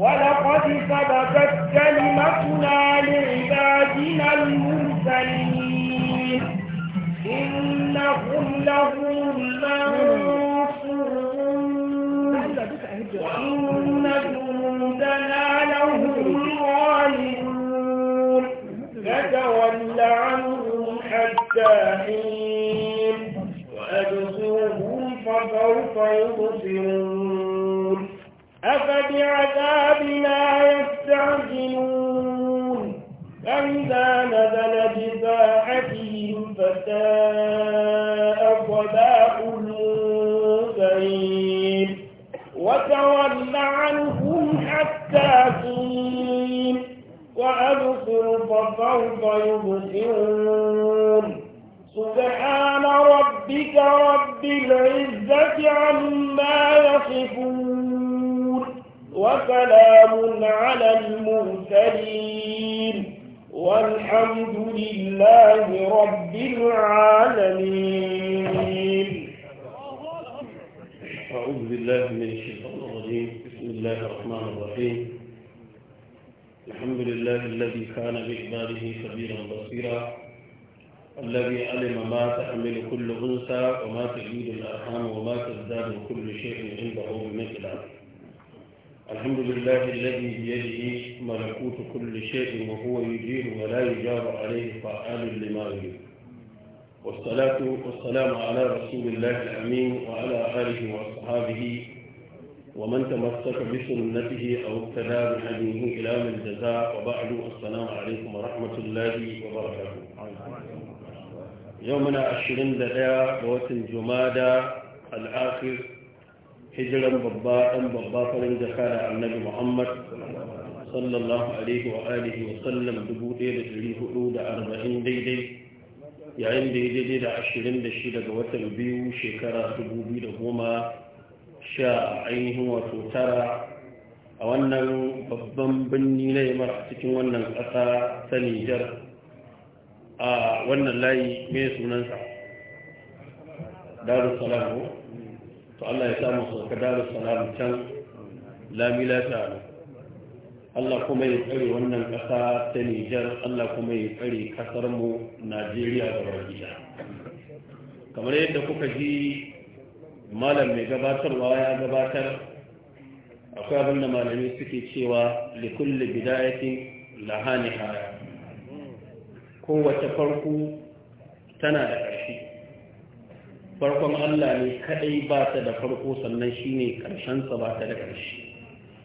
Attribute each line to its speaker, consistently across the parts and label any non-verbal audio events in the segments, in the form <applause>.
Speaker 1: ولقد سبقت كلمتنا لعبادنا المرسلين إنهم لهم المنصورون وإن جندنا لهم الغالبون فتول عنهم حتى حين وأبصرهم فسوف يبصرون أفبعذابنا يستعجلون فإذا نزل بساحتهم فساء صباح المنذرين وتول عنهم حتى حين وأبصر فصوت يبصرون سبحان ربك رب العزة عما يصفون وسلام على المرسلين والحمد لله رب العالمين
Speaker 2: أعوذ بالله من
Speaker 3: الشيطان الرجيم بسم الله الرحمن الرحيم الحمد لله الذي كان بإقباله خبيرا بصيرا
Speaker 1: الذي علم ما تحمل كل
Speaker 3: أنثى وما تجيد الأرحام وما تزداد كل شيء عنده بمقدار الحمد لله الذي بيده ملكوت كل شيء وهو يجير ولا يجار عليه فعال لما يريد والصلاة والسلام على رسول الله الأمين وعلى آله وأصحابه ومن تمسك بسنته أو ابتدى بهديه إلى من جزاء وبعد السلام عليكم ورحمة الله وبركاته يومنا عشرين دقيقة وقت الجمادة الآخر hijiran babba ɗan babba farin jaka da annabi muhammad sallallahu alaihi wa alihi wa sallam dubu ɗaya da ɗari hudu da arba'in daidai yayin da ya daidai da ashirin da shi daga watan biyu shekara dubu biyu da goma sha a ainihin wato tara a wannan babban birni na yamar mara cikin wannan ƙasa ta nijar a wannan layi mai sunansa
Speaker 2: darussalam
Speaker 3: to Allah ya samu su ka daru salamu can lamila ta Allah kuma ya tsare wannan ƙasa ta Nijar Allah kuma ya tsare ƙasarmu mu Najeriya da Rajiya kamar yadda kuka ji malam mai gabatarwa ya gabatar akwai abin da malami suke cewa likulli bidayatin lahani haya kowace farko tana da ƙarshe farkon Allah ne kadai ba ta da farko sannan shine karshen sa ba ta da karshe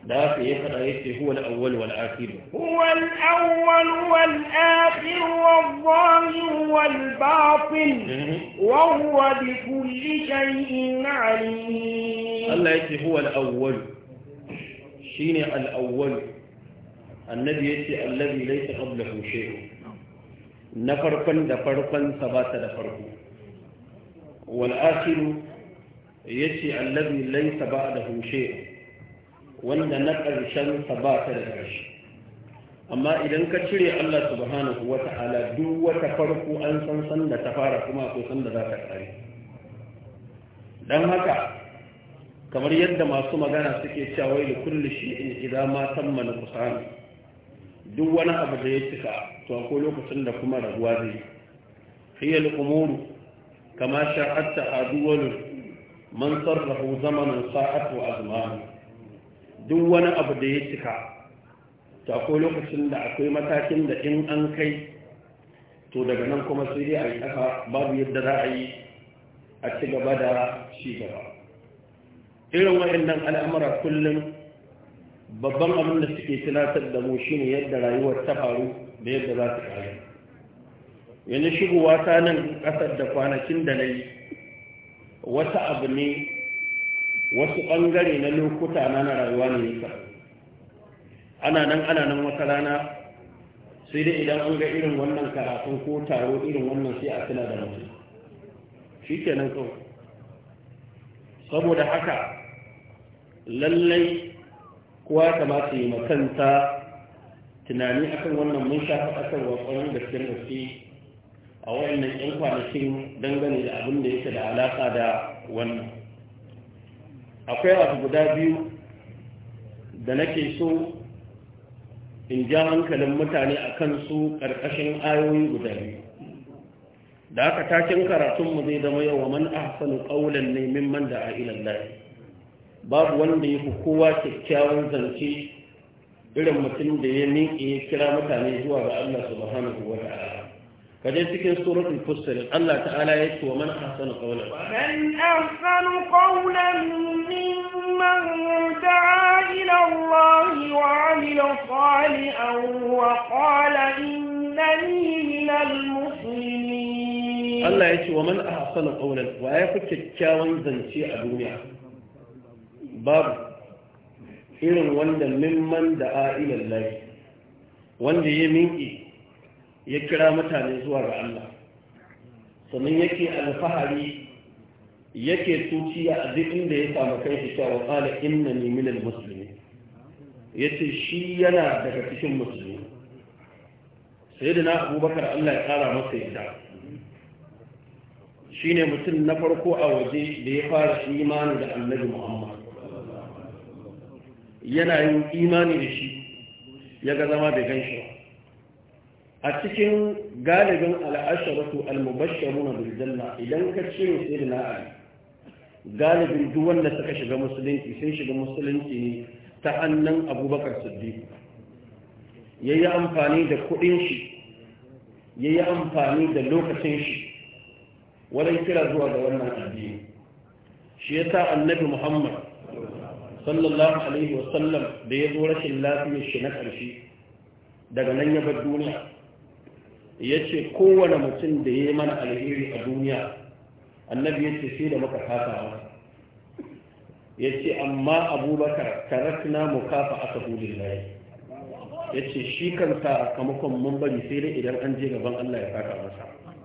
Speaker 3: da ya fada yace huwa al-awwal wal akhir
Speaker 1: huwa al-awwal wa akhir wal zahir wal batin mm-hmm. wa huwa bi kulli shay'in alim Allah
Speaker 3: yace huwa al-awwal shine al-awwal annabi yace allazi laysa qablahu shay na farkon da farkon sa ba ta da farko wal'asiru ya ce allabi laisa ba da wanda na ƙarshen sa ba ta da ƙarshe amma idan ka cire Allah subhanahu wa ta'ala duk wata farko an san san da ta fara kuma ko san da za ta ƙare don haka kamar yadda masu magana suke cewa da kulli in idan ma tammala kusani duk wani abu da ya cika to akwai lokacin da kuma rabuwa zai hiya al-umuru كما شاءت دول من صره زمن ساعة أزمان دون duk wani abu da akwai matakin da in an kai to daga nan kuma sai dai a yi haka babu yadda za a yi a ci gaba da ci gaba irin waɗannan al'amura kullum babban abin da suke tunatar da mu shine yadda rayuwar ta faru da yadda za ta kare yanzu shigowa ta nan ƙasar da kwanakin da na yi wata abu ne wasu ɓangare na lokuta na na rayuwa ne nisa ana nan ana nan wata rana sai dai idan an ga irin wannan karatun ko taro irin wannan sai a tuna da mutum shi kenan kawai saboda haka lallai kowa kamata yi makanta tunani akan wannan mun sha faɗakarwa ƙwarar gaskiyar gaske a wannan yan kwanakin dangane da abin da yake da alaƙa da wannan akwai abu guda biyu da nake so in ja hankalin mutane a kansu ƙarƙashin ayoyi guda biyu da aka takin karatunmu zai zama yau wa man ahsanu qawlan ne mimman da a ilallah babu wanda ya fi kowa kyakkyawan zance irin mutum da ya miƙe ya kira mutane zuwa ga Allah subhanahu wa ta'ala Ka je cikin suratul fussil Allah ta'ala ya ce wa man ahsanu qawla wa
Speaker 1: man ahsanu qawlan mimman da'a ila Allah wa 'amila salihan wa qala innani minal muslimin Allah
Speaker 3: ya ce wa man ahsanu qawlan wa ya fi kyakkyawan zance a duniya babu irin wanda da da'a ila Allah wanda ya minki ya kira mutane zuwa ga Allah sannan yake alfahari yake tuciya a duk inda ya samu kai shi cewa qala innani minal muslimin yace shi yana daga cikin musulmi sayyidina abubakar Allah ya kara masa yadda shine mutum na farko a waje da ya fara imani da annabi Muhammad yana yin imani da shi ya ga zama bai gan ba a cikin galibin al'asharatu al-mubashsharuna bil janna idan ka cire sayyidina ali galibin duk wanda suka shiga musulunci sun shiga musulunci ne ta hannun abubakar siddiq yayi amfani da kuɗin shi yayi amfani da lokacin shi wajen kira zuwa ga wannan addini shi yasa annabi muhammad sallallahu alaihi wasallam da ya zo rashin lafiyar shi na ƙarshe daga nan ya bar duniya ya ce kowane mutum da ya yi mana alheri a duniya annabi ya ce sai da muka kafa masa ya ce amma abubakar na mu kafa aka hudun layi ya ce shi a kamakon mun bari sai dai idan an je gaban allah ya kaka masa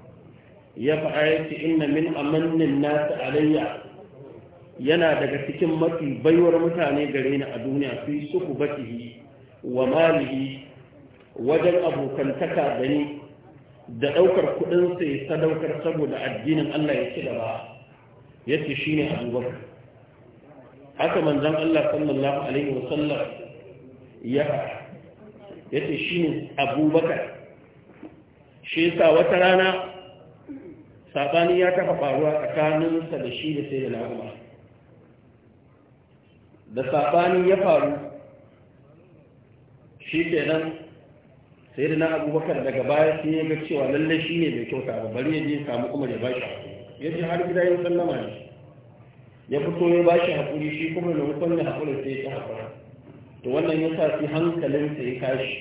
Speaker 3: ya faɗa ya ce inna min amannin nasu alayya yana daga cikin mafi baiwar mutane gare ni a duniya fi suku batihi wa malihi wajen abokantaka da ni da ɗaukar sai ya sadaukar saboda addinin Allah ya ci gaba yace shine shi ne haka manzon Allah sallallahu alaihi wa sallam, ya ce shi ne abubakar shi yasa wata rana saɓani ya taɓa faruwa sa da shi da sai da na'umar da saɓani ya faru shi ke nan sai da na abubakar daga baya sai ya ga cewa lalle shi ne mai kyauta ba bari ya samu kuma ya bashi hakuri ya har gida ya sallama ne ya fito ya bashi hakuri shi kuma da mutum ya hakuri sai ya ci hakuri to wannan ya sa hankalin sa ya kashi,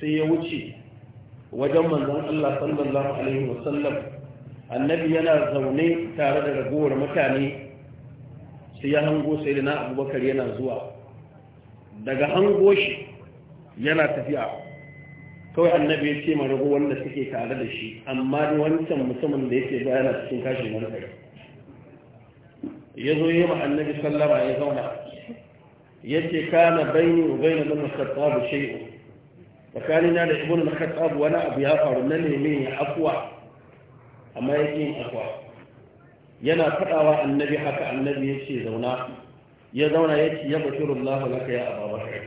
Speaker 3: sai ya wuce wajen manzon Allah sallallahu alaihi wasallam annabi yana zaune tare da ragowar mutane sai ya hango sai da na abubakar yana zuwa daga hango shi yana tafiya kawai annabi ya ce marabu wanda suke tare da shi amma wancan musamman da yake bayana cikin kashin hankali ya zo yi ma annabi sallama ya zauna ya ce kana bayni wa bayna ibn bu khattab shay'un na da ibn al-khattab wani abu ya faru na neme ya afwa amma ya yin akwa yana faɗawa annabi haka annabi ya ce zauna ya zauna ya ce ya bashiru Allah laka ya ababakar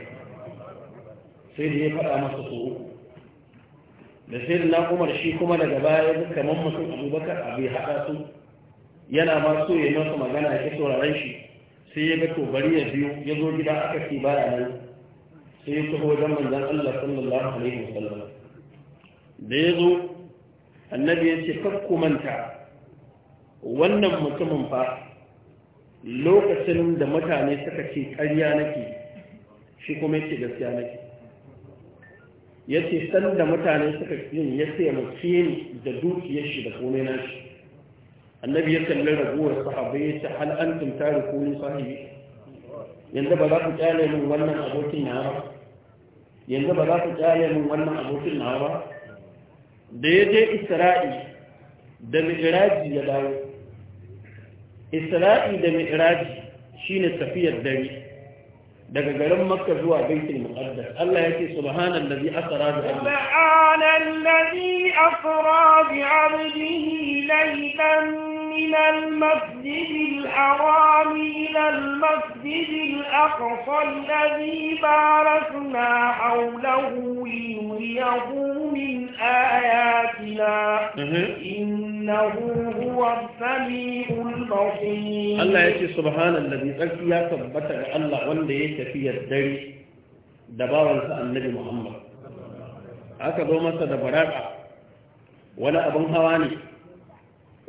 Speaker 3: sai da ya faɗa masa so uku da sai na umar shi kuma daga baya kamar mutum abubakar abu haɗa su yana ma so ya masa magana ya sauraren shi sai ya ga to bari ya biyo ya zo gida aka ce baya nan sai ya taho wajen manzon Allah sallallahu alaihi wasallam da ya zo annabi ya ce kakku manta wannan mutumin fa lokacin da mutane suka ce ƙarya nake shi kuma yake gaskiya nake yace san da mutane suka yin yace mu cin da dukiyar shi da komai nashi annabi ya kalli raguwar sahaba ya ce hal antum tarikuni sahibi yanda ba za ku kyale min wannan abokin na ba yanda ba za ku kyale min wannan abokin na ba da ya je isra'i da mi'raji ya dawo isra'i da mi'raji shine tafiyar dare daga garin makka zuwa baitul muqaddas Allah yake subhanallazi asra bi abdihi
Speaker 1: subhanallazi asra bi abdihi laylan من المسجد الحرام إلى المسجد الأقصى الذي باركنا حوله لنريه من آياتنا إنه هو السميع البصير الله
Speaker 3: يأتي سبحان الذي تكي يا تبتع الله وانده في الدري دبارا النبي محمد aka zo masa ولا baraka هواني abin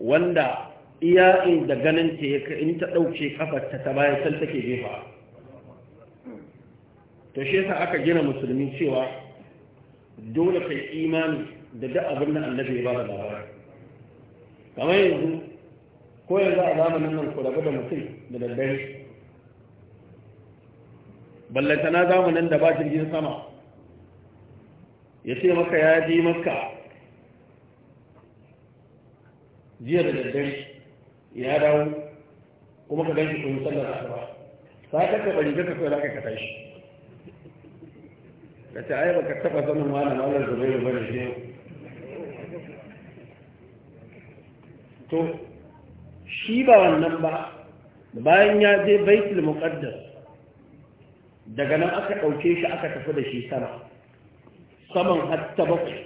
Speaker 3: wanda iya inda ganin ta ya in ta ɗauke kafarta ta bayan sal take jefa to shi yasa aka gina musulmi cewa dole kai imani da duk abin da annabi ya ba da labari kamar yanzu ko yanzu a zamanin nan ku rabu da mutum da daddare ballantana zamanin da ba jirgin sama ya ce maka ya ji maka jiya da daddare ya dawo kuma ka ganshi kuma sallar asuba sai ka bari ka kai zaka ka tashi ka ce ai baka taba sanin wani malam zubairu bane ne to shi ba wannan ba bayan ya je baitul muqaddas daga nan aka ɗauke shi aka tafi da shi sama saman hatta bakwai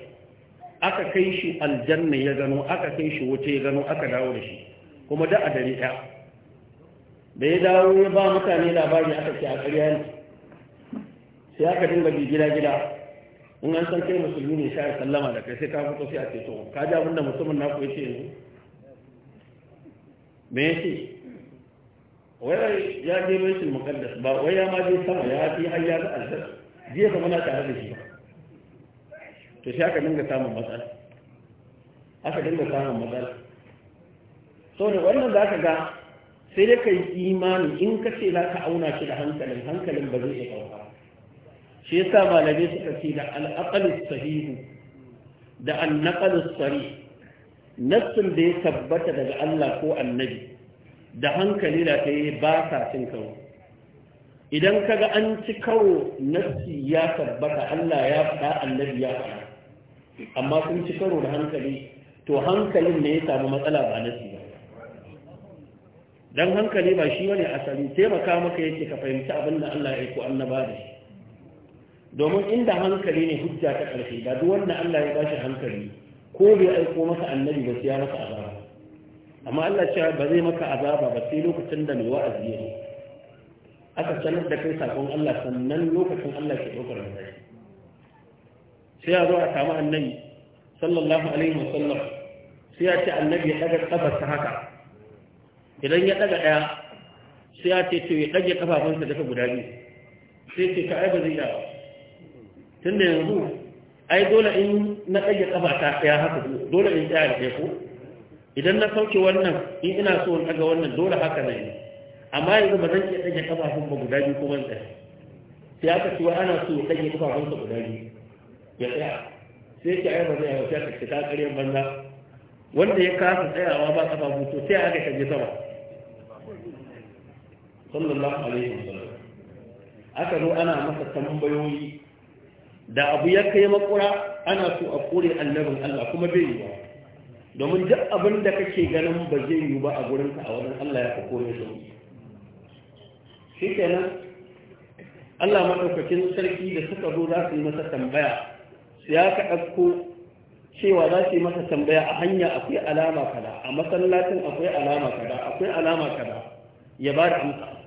Speaker 3: aka kai shi aljanna ya gano aka kai shi wuce ya gano aka dawo da shi kuma da a dare ta da ya dawo ya ba mutane labari aka ce a ƙarya ne sai aka dinga bi gida gida in an san kai musulmi ne sha sallama da kai sai ka fito sai a ce to ka ji abin da mutumin na ya yace yanzu me ya ce wai ya je baitul muqaddas ba wai ya ma je sama ya fi har ya ga aljanna jiya kuma na tare da shi ba to sai aka dinga samun matsala aka dinga samun matsala saboda wannan za ka ga sai dai ka yi imani in ka ce za ka auna shi da hankalin hankalin ba zai iya ɗauka shi yasa malamai suka ce da al'aqalus sahihu da annaqalus sari nassin da ya tabbata daga Allah ko annabi da hankali da ta yi ba sa cin karo idan ga an ci karo nassi ya tabbata Allah ya faɗa annabi ya faɗa amma sun ci karo da hankali to hankalin ne ya samu matsala ba nassi ba dan hankali ba shi wani asali taimaka maka yake ka fahimci abin da Allah ya aiko annaba da shi domin inda hankali ne hujja ta ƙarfi ba duk wanda Allah ya bashi hankali ko bai aiko masa annabi ba sai ya masa azaba amma Allah ce ba zai maka azaba ba sai lokacin da mai wa'azi ya yi. aka sanar da kai sakon Allah sannan lokacin Allah ke ɗaukar mataki sai ya zo a samu annabi sallallahu alaihi wasallam sai ya ce annabi ya ɗaga ƙafarsa haka idan ya daga daya sai ya ce to ya dage kafafunsa daga guda biyu sai ce ka ai ba zai iya da yanzu ai dole in na dage kafa ta daya haka dole in tsaya da ko idan na sauke wannan in ina so in daga wannan dole haka na yi amma yanzu ba zan iya dage kafafun ba guda biyu kuma tsaya sai aka ce ana so ya dage kafafunsa guda biyu ya tsaya sai ce ai ba zai sai iya ta ta karyar banza wanda ya kasa tsayawa ba kafa mutu sai aka kaje sama sallallahu alaihi wasallam aka zo ana masa tambayoyi da abu ya kai makura ana so a kore annabin Allah kuma bai yi ba domin duk abin da kake ganin ba zai yi ba a ka a wajen Allah ya kore shi shi kenan Allah maɗaukakin sarki da suka zo za su yi masa tambaya ya ka ɗauko cewa za su yi masa tambaya a hanya akwai alama kada a masallacin akwai alama kada akwai alama kada ya ba da amsa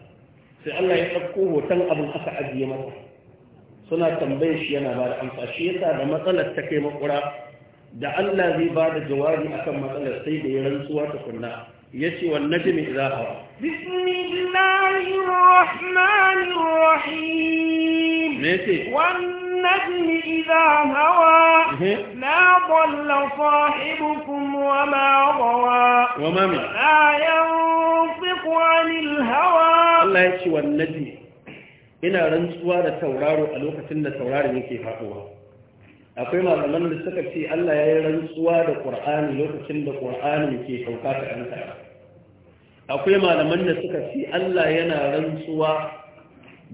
Speaker 3: sai Allah ya ɗauko hoton abin aka ajiye masa suna tambayar shi yana ba da amsa shi yasa da matsalar ta kai makura da Allah zai ba da jawabi akan matsalar sai da ya rantsuwa ta kunna ya ce wa najmi za hawa
Speaker 1: bismillahir rahmanir rahim النجم إذا هوى ما ضل صاحبكم وما غوى وما من لا ينطق عن الهوى الله
Speaker 3: يشي والنجم ina rantsuwa da tauraro a lokacin da tauraron yake faɗuwa akwai malaman suka ce Allah ya yi rantsuwa da Qur'ani lokacin da ke akwai malaman da suka ce Allah yana rantsuwa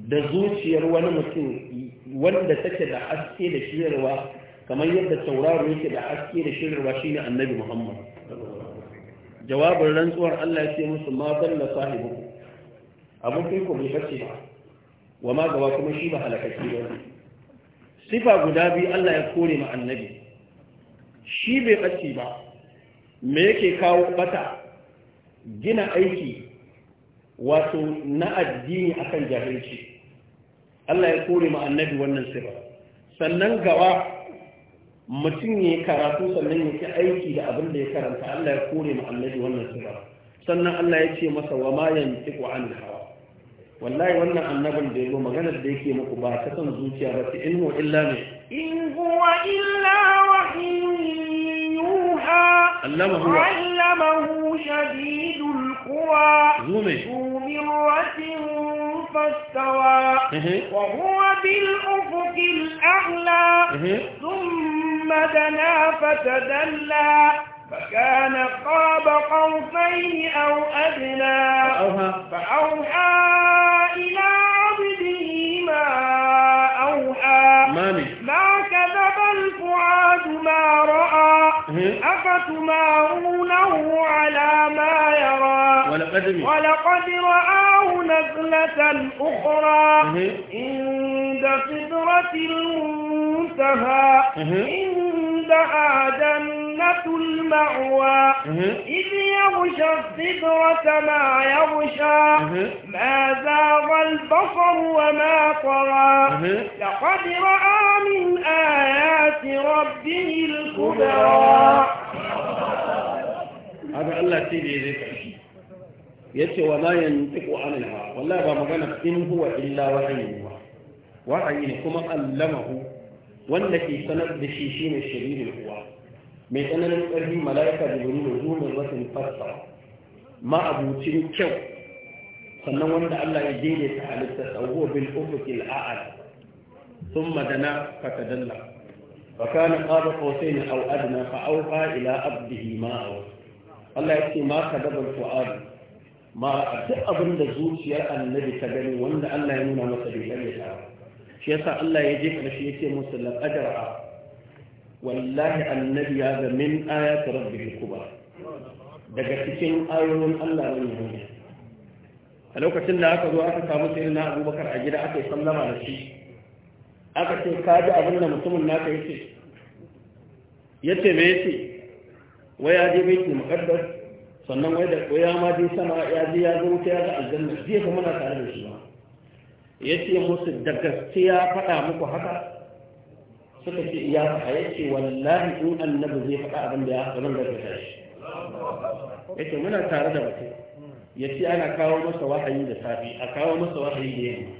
Speaker 3: da zuciyar wani mutum wanda take da haske da shirarwa kamar yadda tauraro yake da haske da shirarwa shine annabi Muhammad jawabin rantsuwar Allah ya ce musu ma dalla sahibu kai ko bai bace ba wa ma gaba kuma shi ba halakaci ba sifa guda biyu Allah ya kore ma annabi shi bai bace ba me yake kawo bata gina aiki wato na addini akan jahilci Allah ya kore ma annabi wannan sifa sannan gaba mutum ya karatu sannan ya ci aiki da abin da ya karanta Allah ya kore ma annabi wannan sifa sannan Allah ya ce masa wa ma yantiqu an hawa wallahi wannan annabin da yazo maganar da yake muku ba ta san zuciya ba sai in illa ne
Speaker 1: in huwa illa علمه علمه شديد القوى ذو مرة استوى وهو بالأفق الأعلى ثم دنا فتدلى فكان قاب قوسين أو أدنى فأوحى إلى الفؤاد ما رأى أفتمارونه على ما يرى ولقد, ولقد رآه نزلة أخرى عند سدرة المنتهى عند آدم المأوى إذ يغشى الصدرة ما يغشى ما زاغ البصر وما طغى لقد رأى من آيات ربه الكبرى
Speaker 3: هذا الله سيدي ذكر يتي وما ينطق عن الهوى والله ما قال ان هو الا وحي يوحى وحي كما علمه والتي في سند بشيشين الشرير الهوى mai tsananin ƙarfi mala'ika jibrilu zuwa wasan fassa ma abucin kyau sannan wanda Allah ya daidaita halitta tsawo bil ufuqil a'la thumma dana fatadalla وكان قاب قوسين او ادنى فاوحى الى عبده ما اوحى الله يكفي ما كذب الفؤاد ما duk abin da zuciyar annabi ta gani wanda Allah ya nuna masa bai gane ta shi yasa Allah ya je jefa ya ce musu laqad ra'a wallahi annabi ya ga min ayatu rabbika kubar daga cikin ayoyin Allah ne ne a lokacin da aka zo aka samu sai na Abubakar a gida aka yi sallama da shi aka ce ka ji abin da mutumin naka yace yace me yace wai ya je baitul muqaddas sannan wai da ya ma je sama ya je ya zo wuta ya ga aljanna jiya kuma muna tare da shi ba yace musu da gaskiya faɗa muku haka suka ce iya faɗa ya ce wallahi in annabi zai faɗa abin da ya faɗa da daga tashi
Speaker 2: ya ce muna tare da mutum
Speaker 3: ya ce ana kawo masa wahayi da safi a kawo masa wahayi da yamma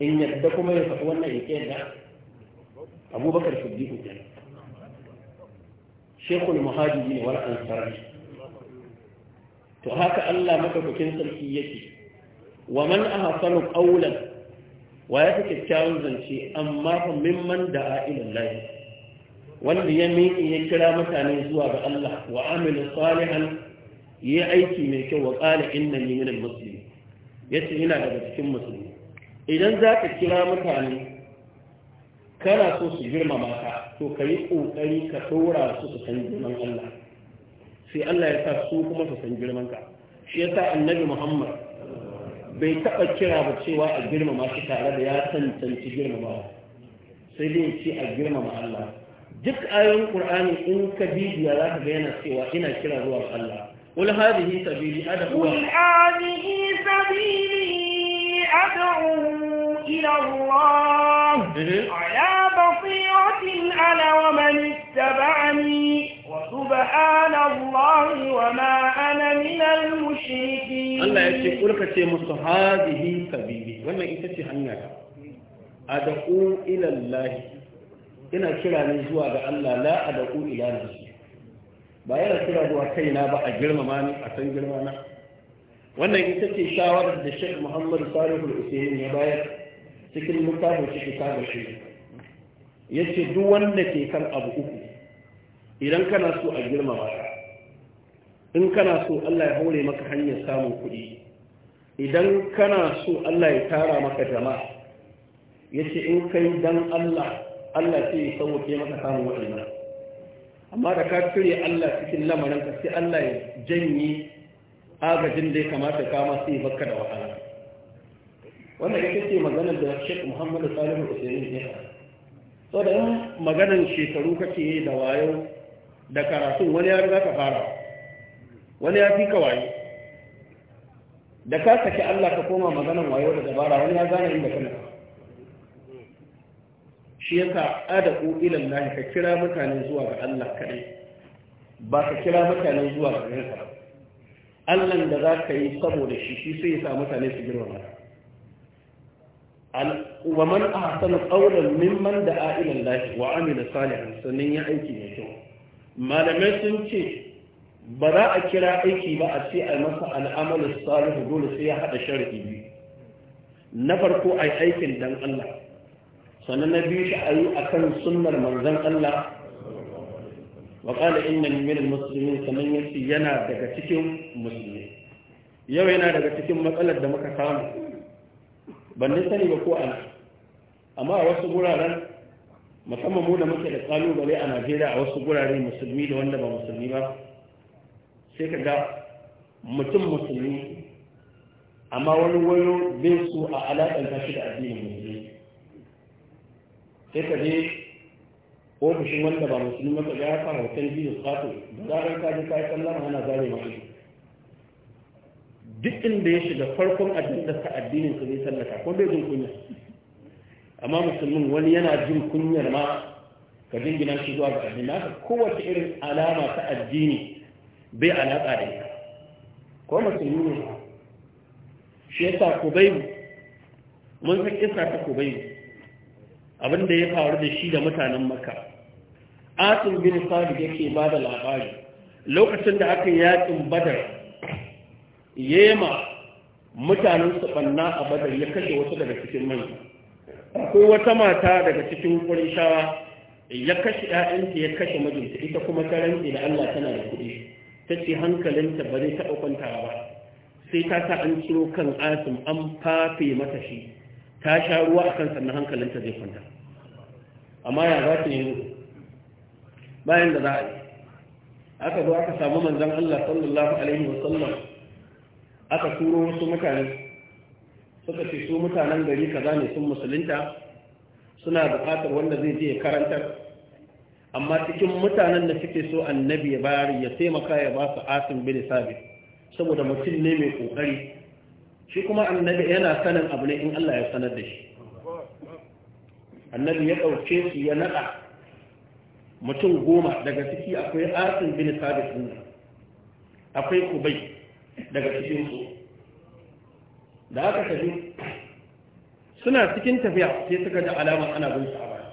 Speaker 3: in yadda kuma ya faɗi wannan ya ƙeda abubakar siddiqu kenan shekul muhajiri ne wal ansari to haka Allah madaukakin sarki yake wa man ahsanu qawlan wa ya fi kyakkyawan zance amma fa mimman da a ilallahi wanda ya miƙi ya kira mutane zuwa ga Allah wa amilu salihan yi aiki mai kyau wa ƙala inna ni minal muslimin yace ina daga cikin musulmi idan za ka kira mutane kana so su girmama ka to ka yi ƙoƙari ka ɗora su su san girman Allah sai Allah ya sa su kuma su san girman ka shi yasa annabi Muhammad bai taɓa kira ba cewa a girmama shi tare da ya tantance girmama sai dai ce a girmama Allah duk ayoyin Qur'ani in ka bibiya za ka ga yana cewa ina kira zuwa Allah قل هذه سبيلي أدعو قل
Speaker 1: إلى الله على بصيرة أنا ومن اتبعني وسبحان الله وما أنا من المشركين الله يقول
Speaker 3: لك مصر هذه سبيلي وما إنت هناك أدعو إلى الله ina kira ne zuwa ga Allah la adaku ila nafsi ba yana kira zuwa kaina ba a girmama ni a san girmana wannan ita ce shawarar da Sheikh Muhammad Salih al ya bayar cikin littafin shi kitabul shi ce duk wanda ke kan abu uku idan kana so a girmama ka in kana so Allah ya haure maka hanyar samun kuɗi idan kana so Allah ya tara maka jama'a ce in kai dan Allah Allah ce ya sauke maka samun waɗannan amma da ka cire Allah cikin lamarin ka sai Allah ya janye agajin da ya kamata kama sai ya baka da wahala wannan ita ce maganar da Sheikh Muhammad Salihu Usaini ya fara so da maganar shekaru kake da wayo da karatu wani ya riga ka fara wani ya fi ka wayo da ka saki Allah ka koma maganar wayo da dabara wani ya gane inda kana shi yasa adaku ila Allah ka kira mutane zuwa ga Allah kadai ba ka kira mutane zuwa ga Allah Allah da za ka yi saboda shi shi sai ya sa mutane su girma wa man ahsana qawlan mimman da'a ila Allah wa amila salihan sannan ya aiki mai kyau malamai sun ce ba za a kira aiki ba a ce a masa al'amalin salihu dole sai ya hada sharadi biyu na farko ai aikin dan Allah sannan na biyu shi ayi akan sunnar manzon Allah وقال إنني من المسلمين sannan yace yana daga cikin musulmi yau yana daga cikin matsalar da muka samu ban da sani ba ko an amma a wasu guraren musamman mu da muke da kalubale a najeriya a wasu gurare musulmi da wanda ba musulmi ba sai ka ga mutum musulmi amma wani wayo bai su a alaƙanta shi da addinin musulmi sai ka je ofishin wanda ba musulmi maka ya fara hoton jesus kato da zarar ka je ka yi sallama ana zare masu duk inda ya shiga farkon sa addinin sa zai sallaka ko bai jin kunya amma musulmin wani yana jin kunyar ma ka dingina shi zuwa ga addini haka kowace irin alama ta addini bai alaka da ita ko musulmi ne shi yasa kubai mun san kisa ta kubai abin da ya faru da shi da mutanen makka asim bin sabi yake ba da labari lokacin da aka yi yakin badar yema mutanen su banna a badar ya kashe wasu daga cikin mai akwai wata mata daga cikin kurishawa ya kashe 'ya'yanta ya kashe mijinta ita kuma ta da Allah tana da kuɗi ta ce hankalinta ba zai taɓa kwantawa ba sai ta sa an ciro kan asim an fafe mata shi ta sha ruwa a kan sannan hankalinta zai kwanta amma ya za ta yi bayan da za a yi aka zo aka samu manzon Allah sallallahu alaihi wa sallam aka turo wasu mutane suka ce su mutanen gari kaza ne sun musulunta suna bukatar wanda zai je karanta karantar amma cikin mutanen da suke so annabi ya bayar ya taimaka ya ba su asin bin sabit saboda mutum ne mai kokari shi kuma annabi yana sanin abu ne in Allah ya sanar da shi annabi ya ɗauke su ya naɗa mutum goma daga ciki akwai asin bin sabit din akwai kubai daga cikinsu da aka tafi suna cikin tafiya sai suka ji alaman ana bin a baya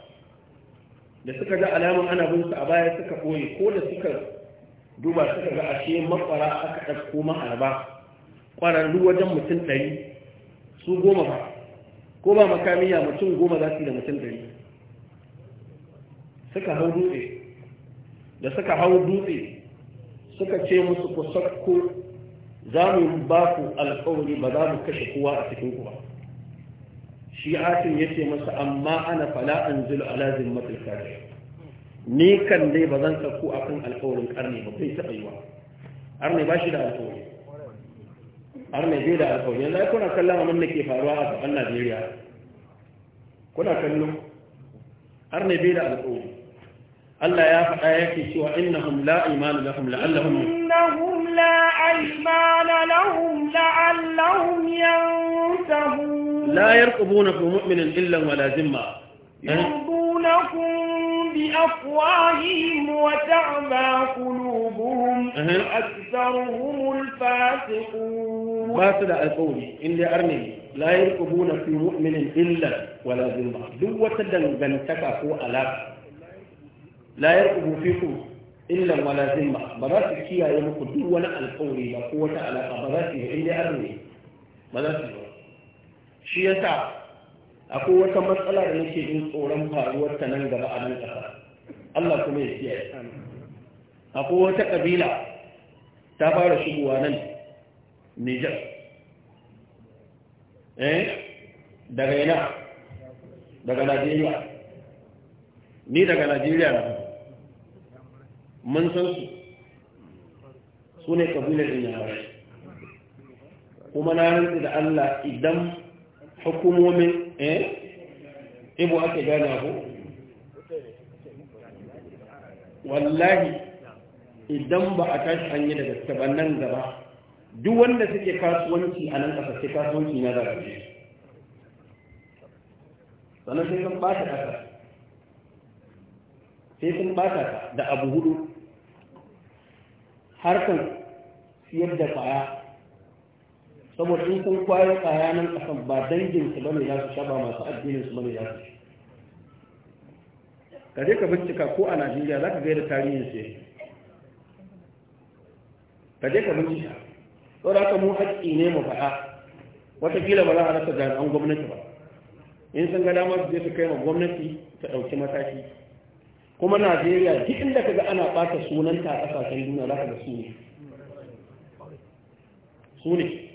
Speaker 3: da suka ji alaman ana bin a baya suka ɓoye ko da suka duba suka ga ashe makwara aka ɗauko maharba ƙwararru wajen mutum ɗari su goma ba ko ba makamiya mutum goma za su yi da mutum ɗari suka hau dutse da suka hau dutse suka ce musu ku sakko za mu yi baku alƙawari ba za mu kashe kowa a cikin ku ba shi asim ya ce masa amma ana fala an zulu ala zimmatul kafir ni kan dai ba zan sako akan alƙawarin karni ba bai taɓa yi wa arne ba shi da alƙawari arne bai da alƙawari yanzu ai kuna kallon abin da ke faruwa a gaban najeriya kuna kallon arne bai da alƙawari Allah ya faɗa yake cewa innahum la imanu lahum la'allahum
Speaker 1: أولى أيمان لهم لعلهم ينتهون لا
Speaker 3: يرقبون في مؤمن إلا ولا ذمة
Speaker 1: يرضونكم بأفواههم وتعبى قلوبهم وأكثرهم الفاسقون فاسد
Speaker 3: القول إني أرني لا يرقبون في مؤمن إلا ولا ذمة دوة دنغنتك أو ألاك لا يرقب فيكم illan wala zimma ba za su kiyaye muku duk wani alƙawari ba ko wata alaƙa ba za su yi inda an ne ba za su yi shi yasa akwai wata matsala da nake jin tsoron faruwar ta nan gaba a nan ƙasa Allah kuma ya kiyaye akwai wata ƙabila ta fara shigowa nan Nijar eh daga yana daga Najeriya ni daga Najeriya na man san su su ne kabilar inyamurai kuma na rantsu da Allah idan hukumomin eh ibo ake gana ko wallahi idan ba a tashi an yi da nan gaba duk wanda suke kasuwanci a nan ƙasa sai kasuwanci na zarafi sannan sai sun ɓata ƙasa sai sun ɓata ta da abu hudu harkar siyar da kwaya saboda in sun kwayo kwaya nan kasan ba danginsu ba ne za su sha ba masu addininsu ba ne za su ka je ka bincika ko a najeriya za ka gaida tarihin su ka je ka bincika saboda haka mu haƙƙi ne mu faɗa watakila ba za a rasa jami'an gwamnati ba in sun ga damar su je su kai ma gwamnati ta ɗauki mataki kuma najeriya duk inda kaga ana ɓata sunanta a ƙasashen duniya za ka ga su ne su ne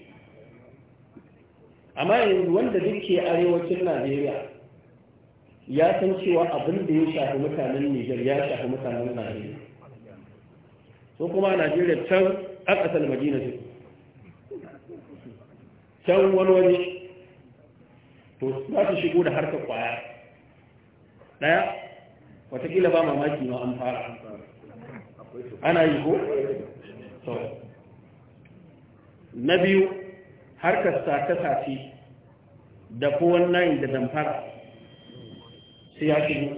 Speaker 3: amma yanzu wanda dukke arewacin najeriya ya san cewa abin da ya shafi mutanen nijar ya shafi mutanen najeriya so kuma najeriya can a ƙasar majina su can wani waje to za su shigo da harkar kwaya ɗaya watakila ba mamaki ma an fara ana yi ko? so na biyu harkar sace-sace da kowon nayin da damfara sai ya shigo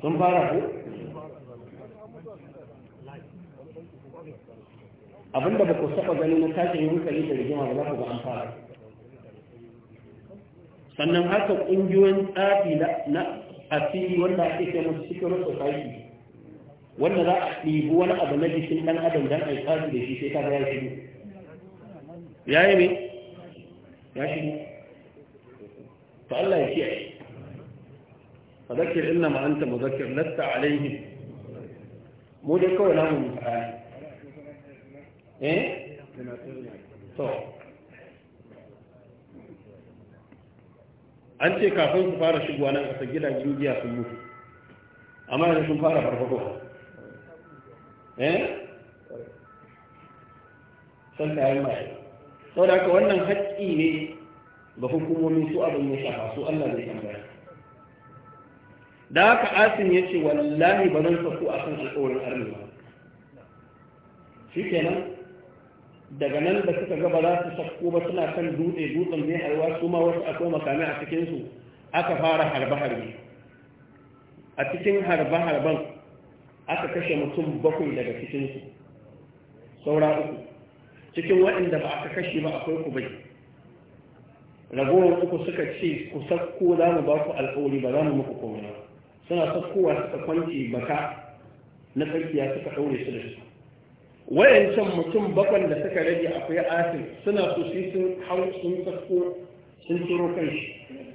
Speaker 3: sun fara ko? abinda ba ku saba ganin na tashin hankali da rigima ba za ku ga an fara sannan haka ƙungiyoyin tsafi na asiri wanda ake sai mutu cikin society wanda za a ɗibi wani abu na jikin ɗan adam don a yi da shi sai kaga ya shigo ya yi ne ya shigo ta Allah ya kiyaye fadakir inna ma'anta anta muzakkir lasta alaihi, mu dai kawai namu mu eh to an ce kafin su fara shigowa nan kasar gidajen giya sun mutu amma yanzu sun fara farfadowa eh san kayan mai sau da wannan haƙƙi ne ga hukumomi su abin ya shafa su Allah zai tambaya da haka asin ya ce wallahi ba nan fasu a kan alƙawarin arziki shi kenan daga nan da suka gaba za su sakko ba suna kan dutse dutsen mai harwa su ma wasu akwai makamai a cikinsu aka fara harbe-harbe a cikin harbe-harben aka kashe mutum bakwai daga cikinsu saura uku cikin waɗanda ba aka kashe ba akwai ku bai ragowar uku suka ce ku sakko za mu ba ku alƙawari ba za mu muku komai suna sakkowa suka kwanci baka na tsakiya suka ɗaure su da su wayancan mutum bakon da suka rage akwai asin suna so shi sun hau sun sako sun tsoro kan
Speaker 2: shi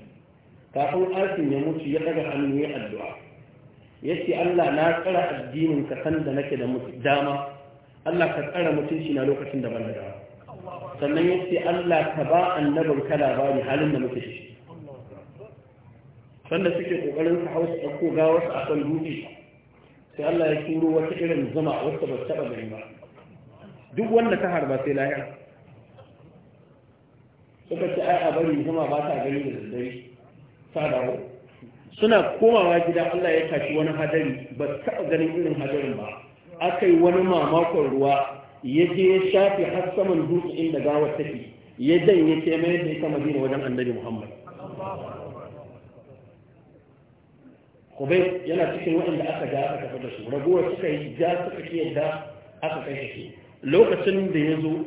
Speaker 3: kafin asin ya mutu ya daga hannu ya addu'a ya ce Allah na tsara addinin ka san da nake da dama Allah ka tsara mutunci na lokacin da ban da dama sannan ya ce Allah ka ba annabin ba labari halin da muke shi sanda suke kokarin su hausa ɗauko gawarsa a kan dutse sai Allah ya turo wata irin zama wacce ba taɓa gani ba duk wanda ta harba sai lahira suka ce ai a bari kuma ba ta gani da daddare ta dawo suna komawa gida Allah ya tashi wani hadari ba taɓa ganin irin hadarin ba aka wani mamakon ruwa ya je ya shafe har saman dutse inda gawar take ya janye ce mai da ita madina wajen annabi Muhammad Kubai yana cikin waɗanda aka ja aka tafi da su raguwar suka yi ja suka yadda aka kai shi lokacin da ya zo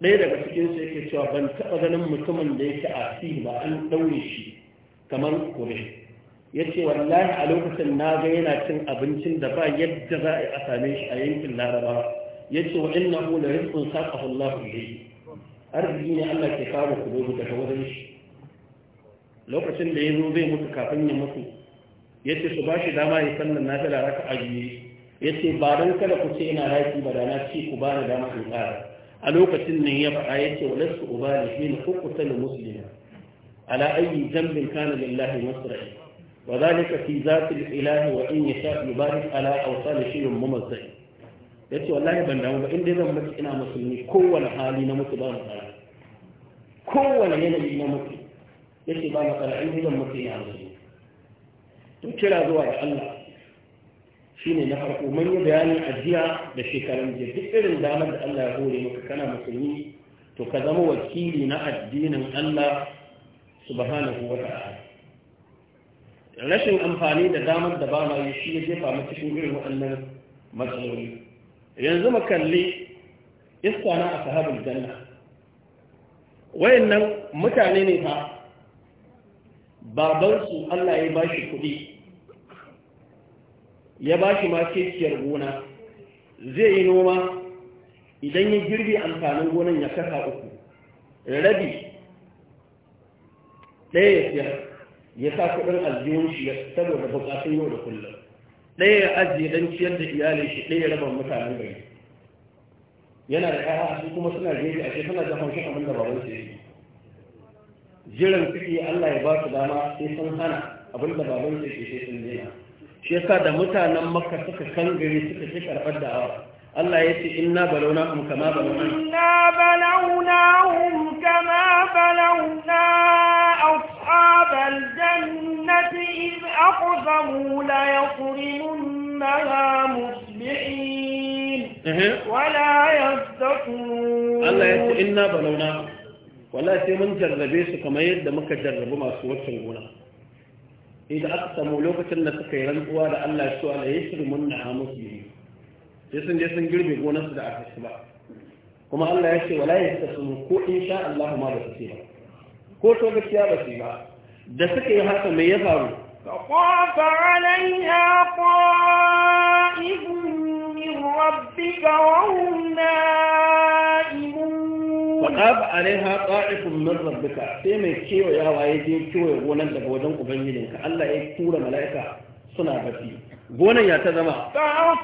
Speaker 3: ɗaya daga cikin yake cewa ban taɓa ganin mutumin da yake a fi ba an ɗaure shi kamar kure ya ce wallahi a lokacin na ga yana cin abincin da ba yadda za a same shi a yankin laraba ya ce wa inna hu da rizqun saqahu Allah ilayhi arziki ne Allah ke kawo ku daga wajen shi lokacin da ya zo zai mutu kafin ya mutu ya ce su ba shi dama ya na fi nafila raka'a biyu ya ce ba don kada ku ce ina raki ba da na ci ku ba da dama in ƙara a lokacin nan ya faɗa ya ce wa lasu uba da shi na kukuta da musulina ala ayyi zambin kana lillahi masra'i wa zalika fi zati ilahi wa in yasha yubarik ala awsal shirin mumazzai ya ce wallahi ban damu ba inda zan mutu ina musulmi kowane hali na mutu ba matsala kowane yanayi na mutu ya ce ba matsala in dai zan mutu ina musulmi to kira zuwa ga Allah shine na farko mun yi bayani a jiya da shekarun jiya duk irin damar da Allah ya hore maka kana musulmi to ka zama wakili na addinin Allah subhanahu wa ta'ala rashin amfani da damar da ba ma yi shi ya jefa mu cikin irin waɗannan matsaloli yanzu mu kalli iska na ashabul janna wayannan mutane ne fa babansu Allah ya ba shi kuɗi ya ba shi ma kekiyar gona zai yi noma idan ya girbe amfanin gonan ya kasa uku rabi ɗaya ya siya ya sa kuɗin aljihun shi ya da buƙatun yau da kullum ɗaya ya ajiye don ciyar da iyalin shi ɗaya raba mutanen gari yana da ƙara su kuma suna gefe a suna da hanshin abin da baban su yi jiran suke Allah ya ba su dama sai sun hana abin da baban su ke sai sun shi yasa da mutanen makka suka kangare suka ci karɓar da'awa Allah ya ce inna balawnahum kama balawna
Speaker 1: inna balawnahum kama balawna ashabal jannati id aqsamu la yaqrimunnaha musbihin wa la yazdaqun Allah ya ce
Speaker 3: inna balawnahum wala sai mun jarrabe su kamar yadda muka jarrabu masu waccan gona إذا أقسموا لوكة النسكي رنقوا لأن لا يسوء ليسرمن عاموس به يسن يسن قلبي هو نفس دعاك السبع أن لا يسوء ولا يستسموا كو إن شاء الله ما بسيبا كو توقف يا بسيبا دسكي هذا ما
Speaker 2: يفعل
Speaker 1: فطاف عليها طائف من ربك وهم نائمون فطاب
Speaker 3: عليها طائف من ربك sai mai kewayawa ya je kewaye gonan daga wajen ubangijinka Allah ya tura mala'ika suna bacci gonan ya ta zama sai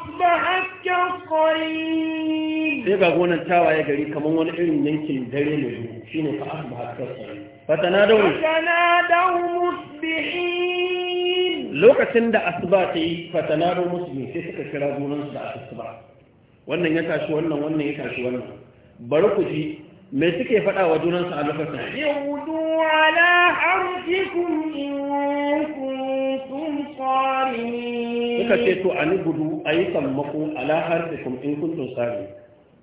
Speaker 3: ga gonan waye gari kamar wani irin yankin dare ne shine fa asbahat kasari fatanadaw
Speaker 1: fatanadaw musbihin
Speaker 3: lokacin da asuba ta yi fatanadaw musbihin sai suka kira gonan su da asuba wannan ya tashi wannan wannan ya tashi wannan bari ku ji me suke faɗa wa junansu a lokacin
Speaker 1: yawdu ala harfikum in kuntum salimin suka ce
Speaker 3: to ani gudu ayi sammako ala harfikum in kuntum salimin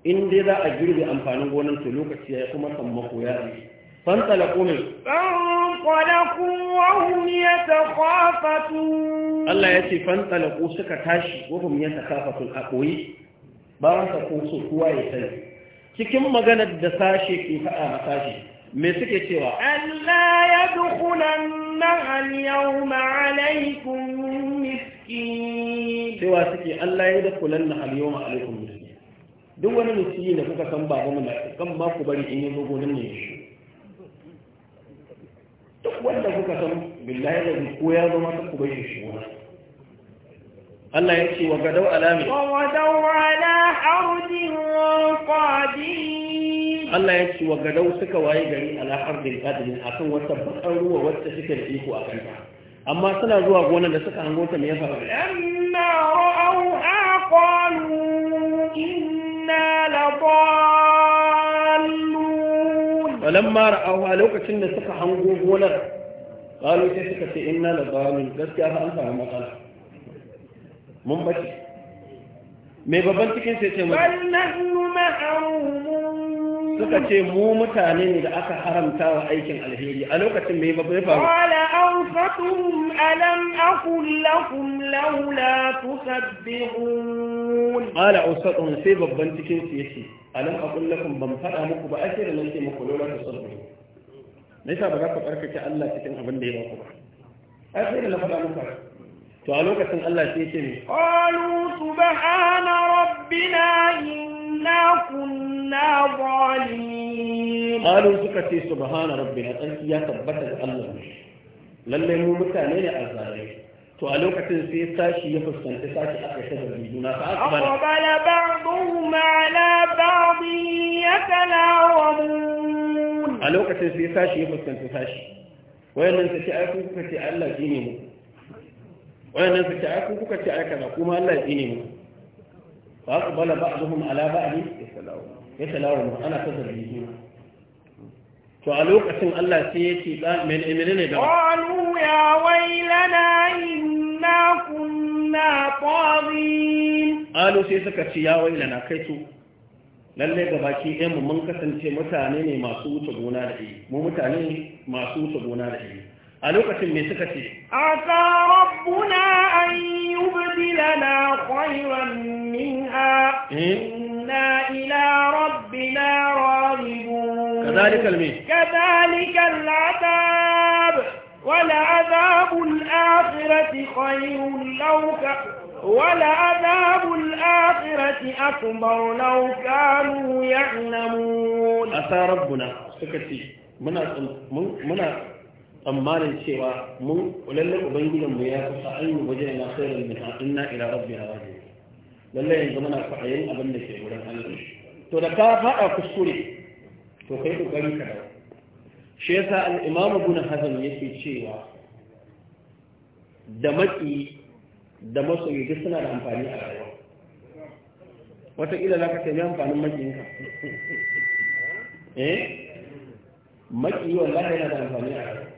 Speaker 3: in dai za a girbe amfanin gonan to lokaci ya kuma sammako ya yi فانطلقوا من
Speaker 1: فانطلقوا وهم يتخافتون الله يتي
Speaker 3: فانطلقوا سكتاش وهم يتخافتون أقوي بارن تقوصوا ya سنة cikin maganar da sashe ke faɗa a sashe me suke cewa
Speaker 1: Allah ya dukunan nan an yau ma'alaikun miski
Speaker 3: cewa suke Allah ya dukunan nan an yau ma'alaikun miski duk wani miski da kuka san babu mu kan ba ku bari in yi zo gonin ne shi duk wanda kuka san billahi da ku ya zama ku bari shi wani Allah ya ce wa gadau alami
Speaker 1: wa gadau ala ardin qadir
Speaker 3: Allah ya ce wa gadau suka waye gari ala ardin qadir akan wata bakar ruwa wacce suke da iko a kanta amma suna zuwa gonar da suka hango ta me ya faru
Speaker 1: amma ra'au aqalu inna la dallun
Speaker 3: falamma ra'au a lokacin da suka hango gonar qalu sai suka ce inna la dallun gaskiya fa an samu matsala mun bace mai babban cikin sai ce mu suka ce mu mutane ne da aka haramta wa aikin alheri a lokacin mai babban faru
Speaker 1: qala awfatuhum alam aqul lakum laula tusabbihun
Speaker 3: wala awfatuhum sai babban cikin su yace alam aqul lakum ban fada muku ba ake da nake muku laula tusabbihun me yasa ba za ku karkace Allah cikin abin da ya ba ku ba
Speaker 1: ai sai da na muku
Speaker 3: to a lokacin Allah sai ce ne
Speaker 1: qalu subhana rabbina inna kunna zalimin qalu
Speaker 3: suka ce subhana rabbina tsarki ya tabbata da Allah lalle mu mutane ne azzalimai to a lokacin sai sashi ya fuskanci sashi aka ta da juna fa akbala
Speaker 1: aqbala ba'dhum ala ba'dhin yatalawamun a
Speaker 3: lokacin sai sashi ya fuskanci sashi wayannan sai ai kuka ce Allah shine mu wayannan su ce ai ku kuka ce ai kaza kuma Allah ya tsine mu fa aqbala ba'dhum ala ba'd yatalawu ana ta zargi to a lokacin Allah sai ya ce da men emene ne da
Speaker 1: qalu ya wailana inna kunna taghin
Speaker 3: alu sai suka ce ya wailana kai su lalle ga baki ɗayan mu mun kasance mutane ne masu wuce gona da iri mu mutane masu wuce gona da iri a lokacin me suka ce
Speaker 1: asa rabbuna an yubdilana khayran minha inna ila rabbina raghibun kadhalika al kadhalika al-atab wala adabul akhirati khayrun law ولعذاب الآخرة أكبر لو كانوا يعلمون
Speaker 3: أتى ربنا سكتي منا منا tsammanin cewa mun lalle ubangijin mu ya kusa an yi waje na sayar min inna ila rabbi na wajen lalle yanzu muna fa'ayin abin da ke wurin Allah to da ka faɗa kuskure to kai kokari ka dawo shi yasa al-imamu ibn hazm yake cewa da maki da masoyi duk suna da amfani a rayuwa wataƙila za ka taimi amfanin makiyinka <laughs> eh maki wallahi yana da amfani a rayuwa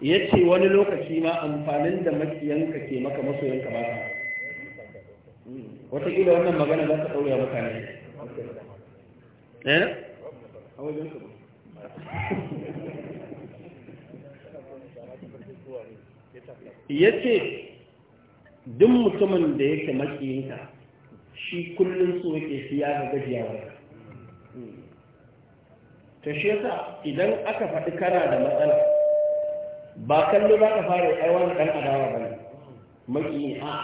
Speaker 3: ya ce wani lokaci ma amfanin da makiyanka ke maka masoyanka ba ka wataƙila wannan magana za ta ɗaura mutane eh ya ce duk mutumin da yake makiyinka shi kullum su yake shi ya ga gajiyawa ta shi yasa idan aka faɗi kara da matsala ba kallo za ka fara ai wani dan adawa ba maki a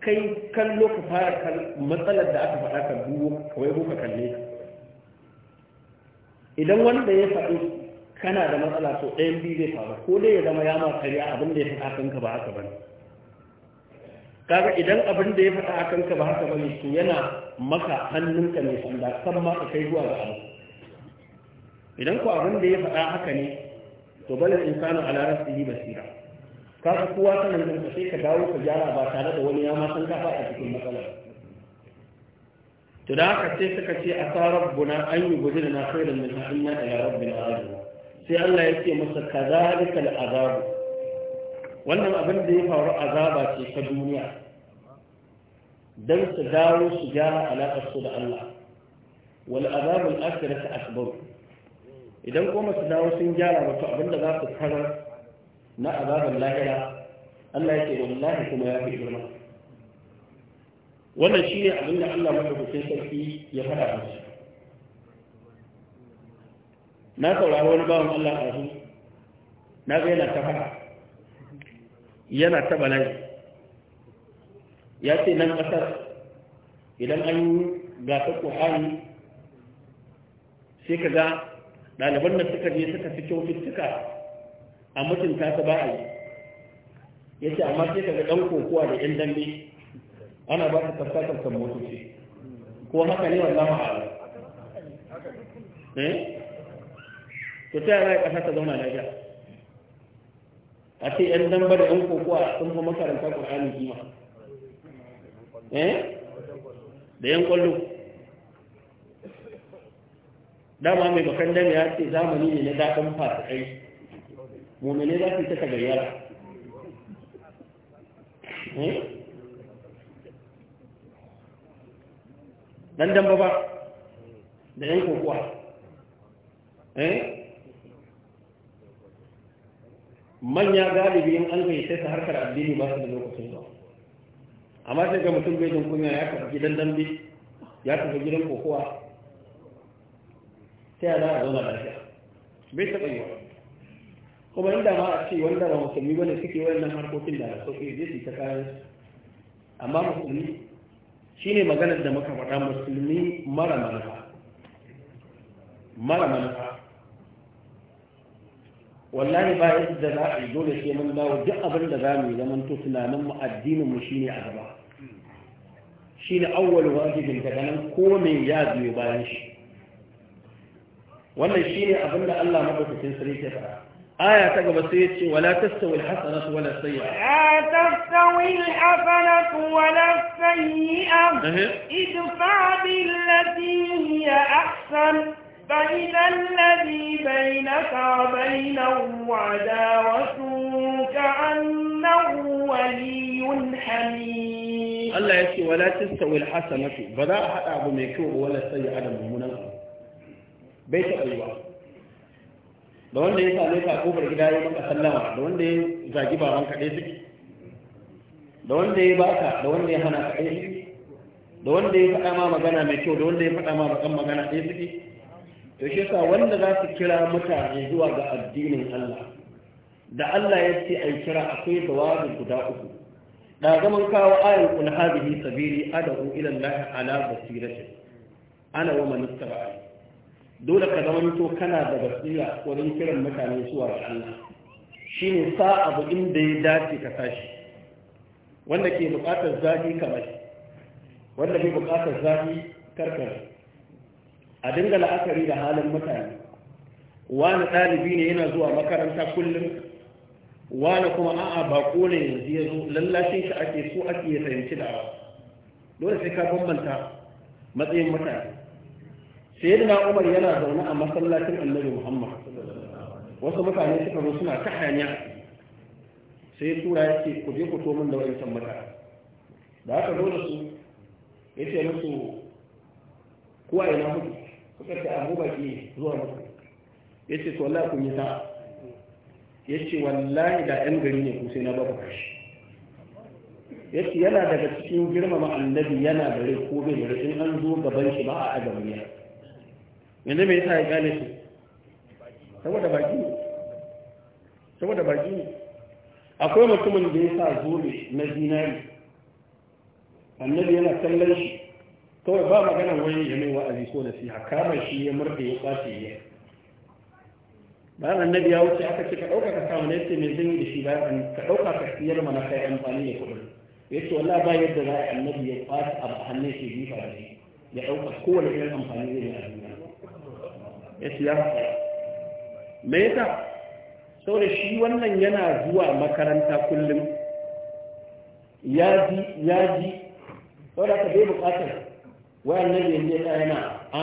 Speaker 3: kai kallo ka fara matsalar da aka faɗa ka duwo kawai ko ka kalle idan wanda ya faɗi kana da matsala to ɗayan biyu zai faru ko dai ya zama ya ma karya abin da ya faɗa kanka ba haka bane kaga idan abin da ya faɗa a kanka ba haka bane to yana maka hannunka mai sanda kan ma ka kai zuwa ga abu idan ko abin da ya faɗa haka ne to bal insanu ala nafsihi basira ka kowa sanin ka sai ka dawo ka gyara ba tare da wani ya ma san ka a cikin matsalar to da haka sai suka ce a sa rabbuna an yi gudu da na khairan min inna ila rabbina raji'un sai Allah ya ce masa kadhalika al'azab wannan abin da ya faru azaba ce ta duniya dan su dawo su gyara alaƙar su da Allah wal azab al akbar idan kuma su dawo sun gyara wato abinda za su karar na azabar lahira Allah ya ce wallahi kuma ya fi girma wannan shi ne abinda Allah madaukakin sarki ya faɗa shi. na saurari wani bawan Allah a su na ga yana ta yana ta bala'i ya ce nan ƙasar idan an gasa ƙo'ani sai ka ga ɗaliban da suka je suka fi kyaututtuka a mutunta ta ba a yi ya ce amma sai ka ga ɗan kokowa da ƴan dambe ana ba su tafsakar kan motoci ko haka ne wannan
Speaker 2: ma'ala eh
Speaker 3: to ta yara ƙasa ta zauna lafiya a ce ƴan dambe da ƴan kokowa sun fi makaranta ƙwararren kima eh? da ƴan ƙwallo dama mai bakan dame ya ce zamani ne na daɗin fasikai mummune za su yi ta tagayyara eh? dan damba ba da ɗan kokowa eh? manya galibi yin an kai sai harkar addini ba su da lokacin ba amma sai ga mutum bai don kunya ya tafi gidan dambe ya tafi gidan kokowa ta yaya za a zauna lafiya bai taɓa yi kuma inda ma a ce wanda ba musulmi bane suke wannan harkokin da ke zai su ta kayan amma musulmi ne maganar da muka faɗa musulmi mara manufa mara manufa wallahi ba yadda za a yi dole sai mun dawo duk abin da za mu yi zaman to tunanin mu addinin mu shine a gaba shine awwal wajibin daga nan ko me ya biyo bayan shi wannan shi ne abin da Allah mabukacin sarai ke fara aya ta gaba sai ce wala tastawi alhasanatu wala sayyi'a
Speaker 1: la tastawi alhasanatu wala sayyi'a idfa billati hiya ahsan fa idha alladhi baynaka wa baynahu adawatu ka'annahu waliyyun hamim
Speaker 3: Allah yace wala tastawi alhasanatu bada hada abu mai kyau wala sayyi'a da mummunan abu bai taɓa yi ba da wanda ya same ka kofar gida ya maka sallama da wanda ya zagi baban kaɗai suke da wanda ya baka da wanda ya hana kaɗai suke da wanda ya faɗa ma magana mai kyau da wanda ya faɗa ma bakan magana ɗaya suke to shi yasa wanda za su kira mutane zuwa ga addinin Allah da Allah ya ce ai kira akwai jawabin guda uku da zaman kawo ayin kun hadhihi sabili ad'u ila Allah ala basiratin ana wa man istaba'a dole ka zama to kana da basira wurin kiran mutane zuwa ga Allah Shi ne sa abu inda ya dace ka tashi wanda ke buƙatar zafi kamar wanda ke buƙatar zafi karkar a dinga la'akari da halin mutane wani ɗalibi ne yana zuwa makaranta kullum wani kuma a'a baƙo ne yanzu ya zo lallashin shi ake so ake ya fahimci da'awa dole sai ka bambanta matsayin mutane sayyidina umar yana zaune a masallacin annabi muhammad wasu mutane suka zo suna ta hanya sai tura ya ce ku je ku tomin da wa'incan mutane da aka zo da su ya ce musu a ina hudu suka ce abu baki zuwa musu ya ce to wallahi kun yi ta ya ce wallahi da yan gari ne ku sai na baka kashi ya ce yana daga cikin girmama annabi yana da rai ko bai da in an zo gaban shi ba a ya? yanzu mai yasa ya gane su saboda baki ne saboda baki ne akwai mutumin da ya sa zobe na zinari annabi yana kallon shi kawai ba magana wani ya mai wa'azi ko nasiha kama shi ya murɗe ya kwace ya bayan annabi ya wuce aka ce ka ɗauka ka samu na yace mai zan da shi bayan ka ɗauka ka siyar mana kai amfani da kuɗin ya ce wallah ba yadda za a annabi ya kwace abu a hannun shi bifa da shi ya ɗauka kowane irin amfani zai yi a duniya ya siya me yasa saboda shi wannan yana zuwa makaranta kullum ya ji ya ji saboda ka bai bukatar wayannan yanzu ta yana a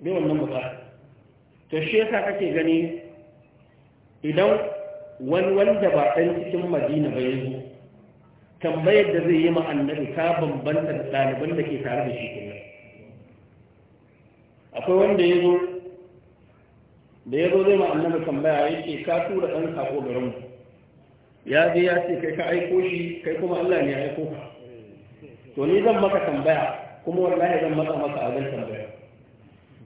Speaker 3: bai wannan bukatar ta shi yasa kake gani idan wani wanda ba ɗan cikin madina ba zo tambayar da zai yi ma annabi ta bambanta da ɗaliban da ke tare da shi kullum akwai wanda ya zo da ya zo zai ma annabi tambaya ya ce ka tura ɗan sako garin mu ya je ya ce kai ka aiko shi kai kuma Allah ne ya aiko ka to ni zan maka tambaya kuma wallahi zan maka maka abin tambaya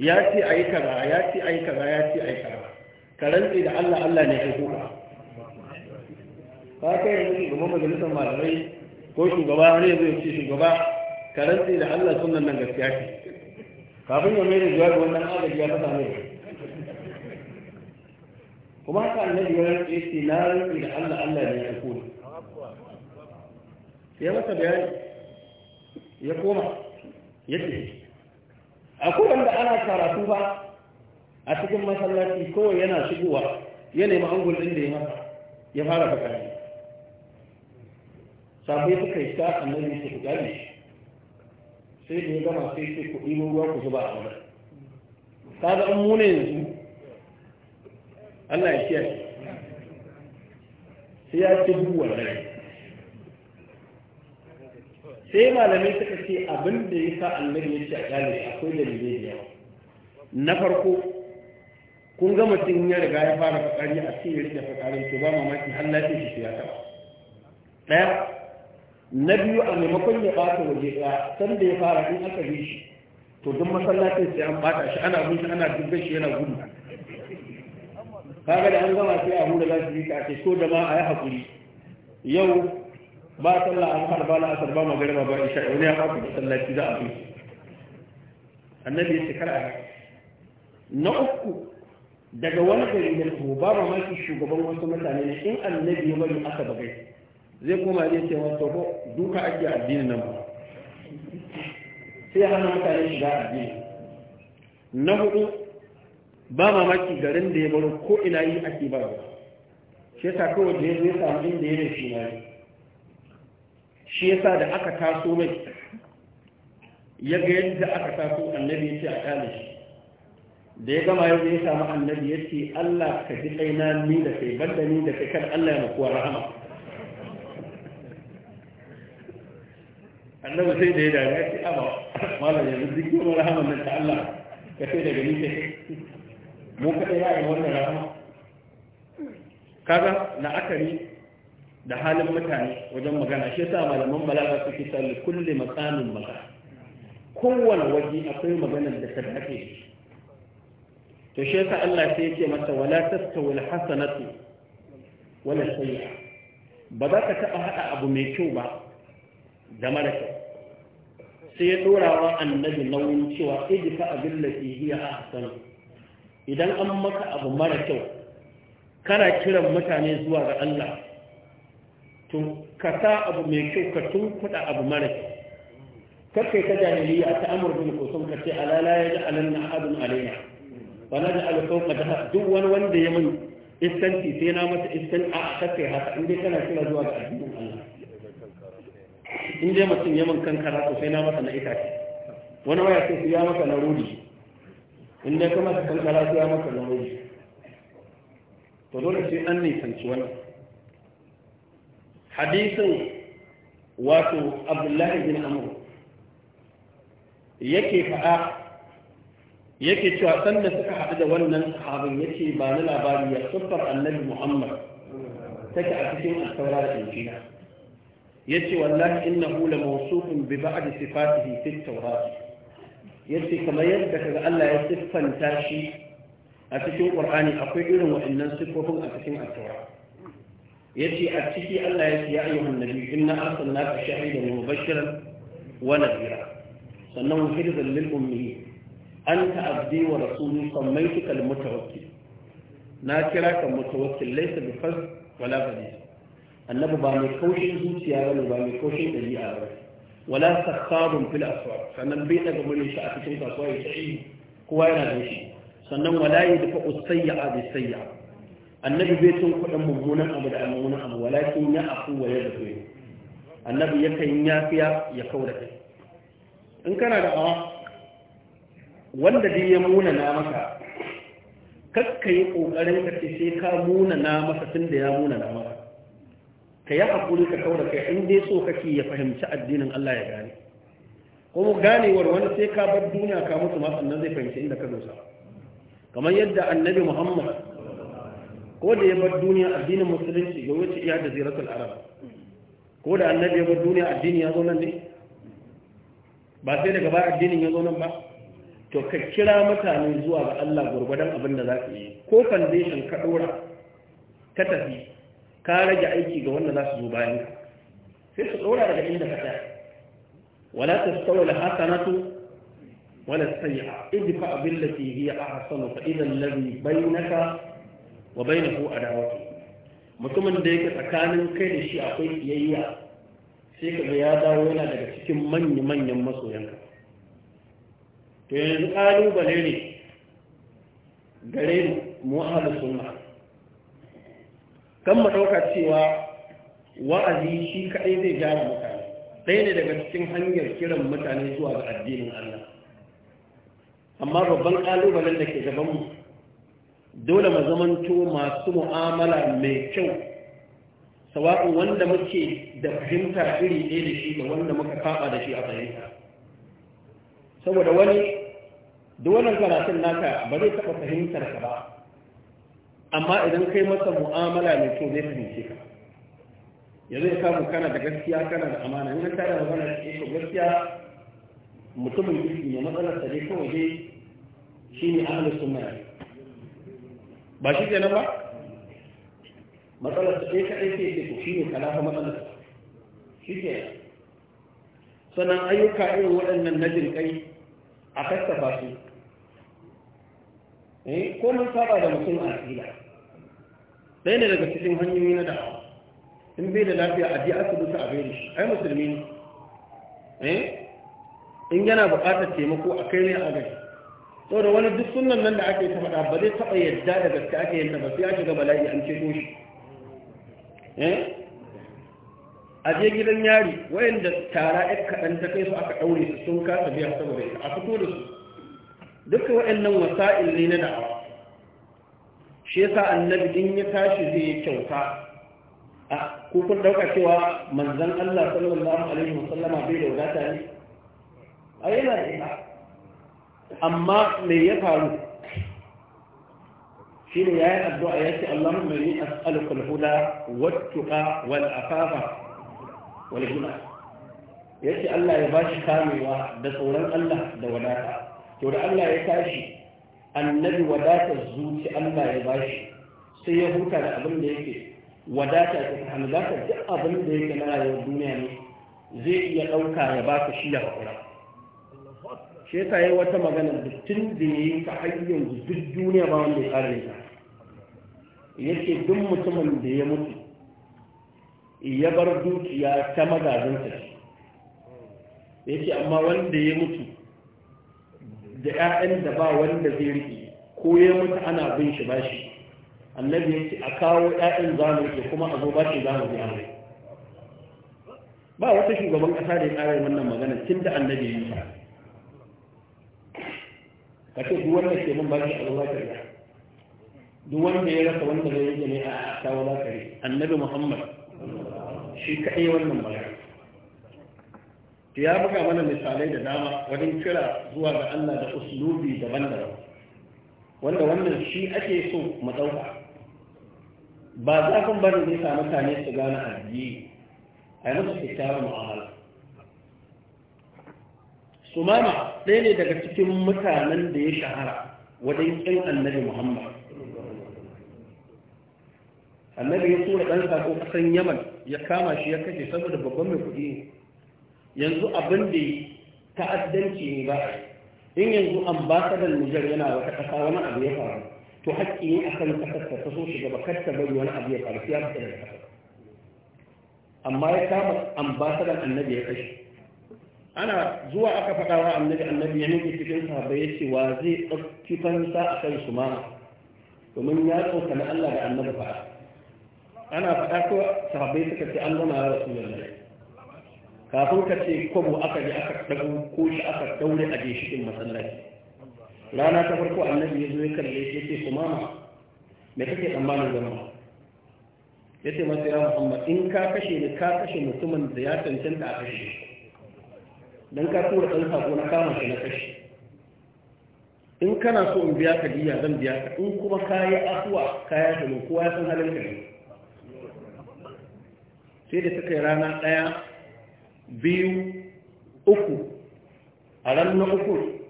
Speaker 3: ya ce ayi kaza ya ce ayi kaza ya ce ayi kaza ka rantsi da Allah Allah ne ya aiko ka ka kai yanzu shugaban majalisar malamai ko shugaba wani ya zai ce shugaba ka rantsi da Allah sunan nan gaskiya ce kafin ya mai da jawabi wannan agaji ya fasa mai kuma haka annabi ya rantsa yace na rantsa da Allah Allah ne ya aiko ya masa bayani ya koma ya a kuma da ana karatu ba a cikin masallaci kawai yana shigowa ya nemi angul ɗin da ya masa ya fara sabu ya suka yi sa annabi su ku sai da ya gama sai sai kuɗi ruwa ku zuba a wurin ga an mune yanzu Allah ya kiyaye sai ya ce duk wannan sai malamai suka ce abin da ya sa annabi ya ce a gane akwai dalilai da yawa na farko kun ga mutum ya riga ya fara fakari a ce ya rike fakarin to ba mamaki har lafiya shi ya taba ɗaya na biyu a maimakon ya ɓata waje ɗaya sanda ya fara in aka bi shi to duk masallacin sai an ɓata shi ana bin ana dubbe shi yana gudu
Speaker 2: kaga da an gama sai
Speaker 3: a da za su yi ka ce so da ma a yi haƙuri yau ba sallah an fara ba la'asar ba magarba ba isha wani ya ba ku da sallaci za a fi annabi ya ce kar a na uku daga wani gari da ko ba shi shugaban wasu mutane ne in annabi ya bari aka bagai zai koma zai ce wa ko duka ake addinin nan ba sai hana mutane shiga addini na hudu ba mamaki garin da ya baro ko ina yi ake ba ba shi yasa kawai da ya zo ya samu inda ya rashi na shi yasa da aka taso mai ya ga yadda aka taso annabi ya ce a kyale shi da ya gama yadda ya samu annabi ya ce Allah ka ji kaina ni da kai banda ni da kai kan Allah ya makuwa rahama annabi sai da ya ya ce aba malam yanzu duk yawan rahaman nan ta Allah ka sai daga ni kai mu kada ya yi wannan rana, kaga akari da halin mutane wajen magana shi yasa malaman balaga suke sa li kulli maqamin maka kowane waje akwai maganar da ta dace to shi yasa Allah sai yake masa wala tastawil alhasanatu wala sayyi'a ba za ka taba hada abu mai kyau ba da mara kyau sai ya dora wa annabi nauyin cewa idfa abillati hiya ahsanu idan an maka abu mara kyau kana kiran mutane zuwa ga Allah to ka sa abu mai kyau ka tun kuɗa abu mara kyau kakai ka jahiliya ta amur bin kusan ka ce alala ya ji alanna abin alaina ba na ji alfauka da duk wani wanda ya mun iskanci sai na masa iskan a kakai haka in dai kana kira zuwa ga addinin Allah in dai mutum ya mun kankara to sai na masa na itace wani waya sai su ya masa na rudi in dai kuma ta kankara sai ya maka nauyi to dole sai an nisanci wannan hadisin wato abdullahi bin amr yake faɗa yake cewa sanda suka haɗu da wannan sahabin yake ba ni labari ya siffar annabi muhammad take a cikin alkawara da injina yace wallahi innahu la mawsufun bi ba'd sifatihi fi tawrat yace kamar yadda kaga Allah ya siffanta shi a cikin Qur'ani akwai irin waɗannan siffofin a cikin At-Taurat yace a ciki Allah ya ce ya ayyuhan nabi inna arsalnaka shahidan wa mubashiran wa nadhira sannan wa hirzan lil ummi anta abdi wa rasuli sammaytuka al mutawakkil na kira ka mutawakkil laysa bi fas wala fadis annabi ba mai kaushin zuciya bane ba mai kaushin dabi'a bane wala sakharun fil aswaq sannan bai daga gurin shi a cikin kasuwa ya ci kowa yana da shi sannan wala yadfa usayya bi sayya annabi bai tun kudin mummunan abu da mummunan abu walakin ya afu wa ya dafe annabi yakan yafiya ya kaura kai in kana da awa wanda dai ya munana maka kakka yi ƙoƙarin ka ce sai ka munana masa tun da ya munana maka ka yi haƙuri ka da kai in dai so kake ya fahimci addinin Allah ya gane kuma ganewar wani sai ka bar duniya ka mutu ma sannan zai fahimci inda ka dosa kamar yadda annabi Muhammad ko da ya bar duniya addinin musulunci ya wuce iya da ziratul arab ko da annabi ya bar duniya addini ya zo nan ne ba sai daga baya addinin ya zo nan ba to ka kira mutane zuwa ga Allah gurgurdan abin da za ka yi ko foundation ka dora ka tafi ka rage aiki ga wanda za su zo bayan ka sai su ɗora daga inda ka tsaya wala tastawi al-hasanatu wala abin da ke billati a hasanu fa idan alladhi bainaka wa bainahu adawatu mutumin da yake tsakanin kai da shi akwai kiyayya sai ka ga ya dawo yana daga cikin manya-manyan masoyanka to yanzu ƙalubale ne gare mu ahalu sunna kan mu ɗauka cewa wa'azi shi kaɗai zai gyara mutane ɗaya ne daga cikin hanyar kiran mutane zuwa ga addinin Allah amma babban ƙalubalen da ke gabanmu dole mu zamanto masu mu'amala mai kyau sawa'u wanda muke da fahimta iri ɗaya da shi da wanda muka faɓa da shi a fahimta saboda wani duk wannan karatun naka ba zai taɓa fahimtar ka ba amma idan kai masa mu'amala mai kyau zai fahimce ka ya zai samu kana da gaskiya kana da amana in ka da magana ce ko gaskiya mutumin jiki ne matsalar sa dai kawai dai ne ahlus sunna ba shi kenan ba matsalar sa dai kadai ce ce to ka kalafa matsalar shi ke sannan ayyuka irin waɗannan na kai a ba su eh ko mun saba da mutum a tsira ɗaya ne daga cikin hanyoyi na da'awa in bai da lafiya a ji asibiti a gaida shi ai musulmi ne eh? in yana buƙatar taimako a kai ne a gari Sau da wani duk sunan nan da ake ta faɗa ba zai taɓa yadda da gaske ake yadda ba sai ya shiga bala'i an ceto shi eh? a je gidan yari wayanda tara ɗan kaɗan ta kai su aka ɗaure su sun kasa biya saboda ita a fito da su duka waɗannan wasa'il ne na da'awa shi yasa annabi in ya tashi zai kyauta a kun dauka cewa manzon Allah sallallahu alaihi wasallama bai da wadata ne a yana da ita amma me ya faru shi ne ya yi addu'a ya ce Allahun mai as'alukul huda wattuka wal afafa wal guna ya ce Allah ya bashi kamewa da tsoron Allah da wadata to da Allah ya tashi annabi wadatar zuci Allah ya bashi sai ya huta da abin da yake wadata ta hannu duk abin da yake na rayuwar duniya ne zai iya ɗauka ya baka shi ya haƙura shi yasa yi wata magana da tun da ya yi ta hanyar duk duniya ba wanda ya ƙara ta yake duk mutumin da ya mutu ya bar dukiya ta magajinsa yake amma wanda ya mutu da 'ya'yan da ba wanda zai riƙe ko ya mutu ana bin shi bashi annabi ya ce a kawo 'ya'yan zamu ke kuma a zo bashi zamu biya mai ba wata shugaban ƙasa da ya ƙara wannan magana tun da annabi ya yi ka ce duk wanda ke mun bashi a zo za ka riya duk wanda ya rasa wanda zai yi ne a kawo za ka annabi muhammad shi kaɗai wannan magana ya buga mana misalai da dama wajen kira zuwa ga Allah da uslubi daban-daban wanda wannan shi ake so mu ɗauka ba za kun bari ne sa mutane su gane addini a yi musu kyakkyawar mu'amala sumama ɗaya ne daga cikin mutanen da ya shahara wajen ƙin annabi muhammad annabi ya tura ɗan sako ƙasan yaman ya kama shi ya kashe saboda babban mai kuɗi yanzu abin da ta'addanci ne ba a in yanzu ambasadan Nijar yana wata ƙasa wani abu ya faru to haƙƙi ne akan ƙasar ta so shugaba kar ta bari wani abu ya faru sai ya fita daga ƙasar amma ya kama ambasadan annabi ya kashe ana zuwa aka faɗa wa annabi annabi ya nufi cikin sahabbai ya ce wa zai ɗauki fansa a kan su ma domin ya tsokana Allah da annabi faɗa ana faɗa ko sahabbai suka ce an gama ya rasu yallai kafin ka ce kwabo aka je aka dago ko shi aka daure a ginshikin masallaci rana ta farko annabi ya zo ya kalle shi ce kuma ma me kake tsammanin zama ya ce masa ya muhammad in ka kashe ni ka kashe mutumin da ya cancanta a kashe dan ka tura ɗan sako na kama shi na kashe in kana so in biya ka diya zan biya ka in kuma ka yi afuwa ka yi afuwa kowa ya san halin ka ne sai da suka yi rana ɗaya biyu uku a ran na uku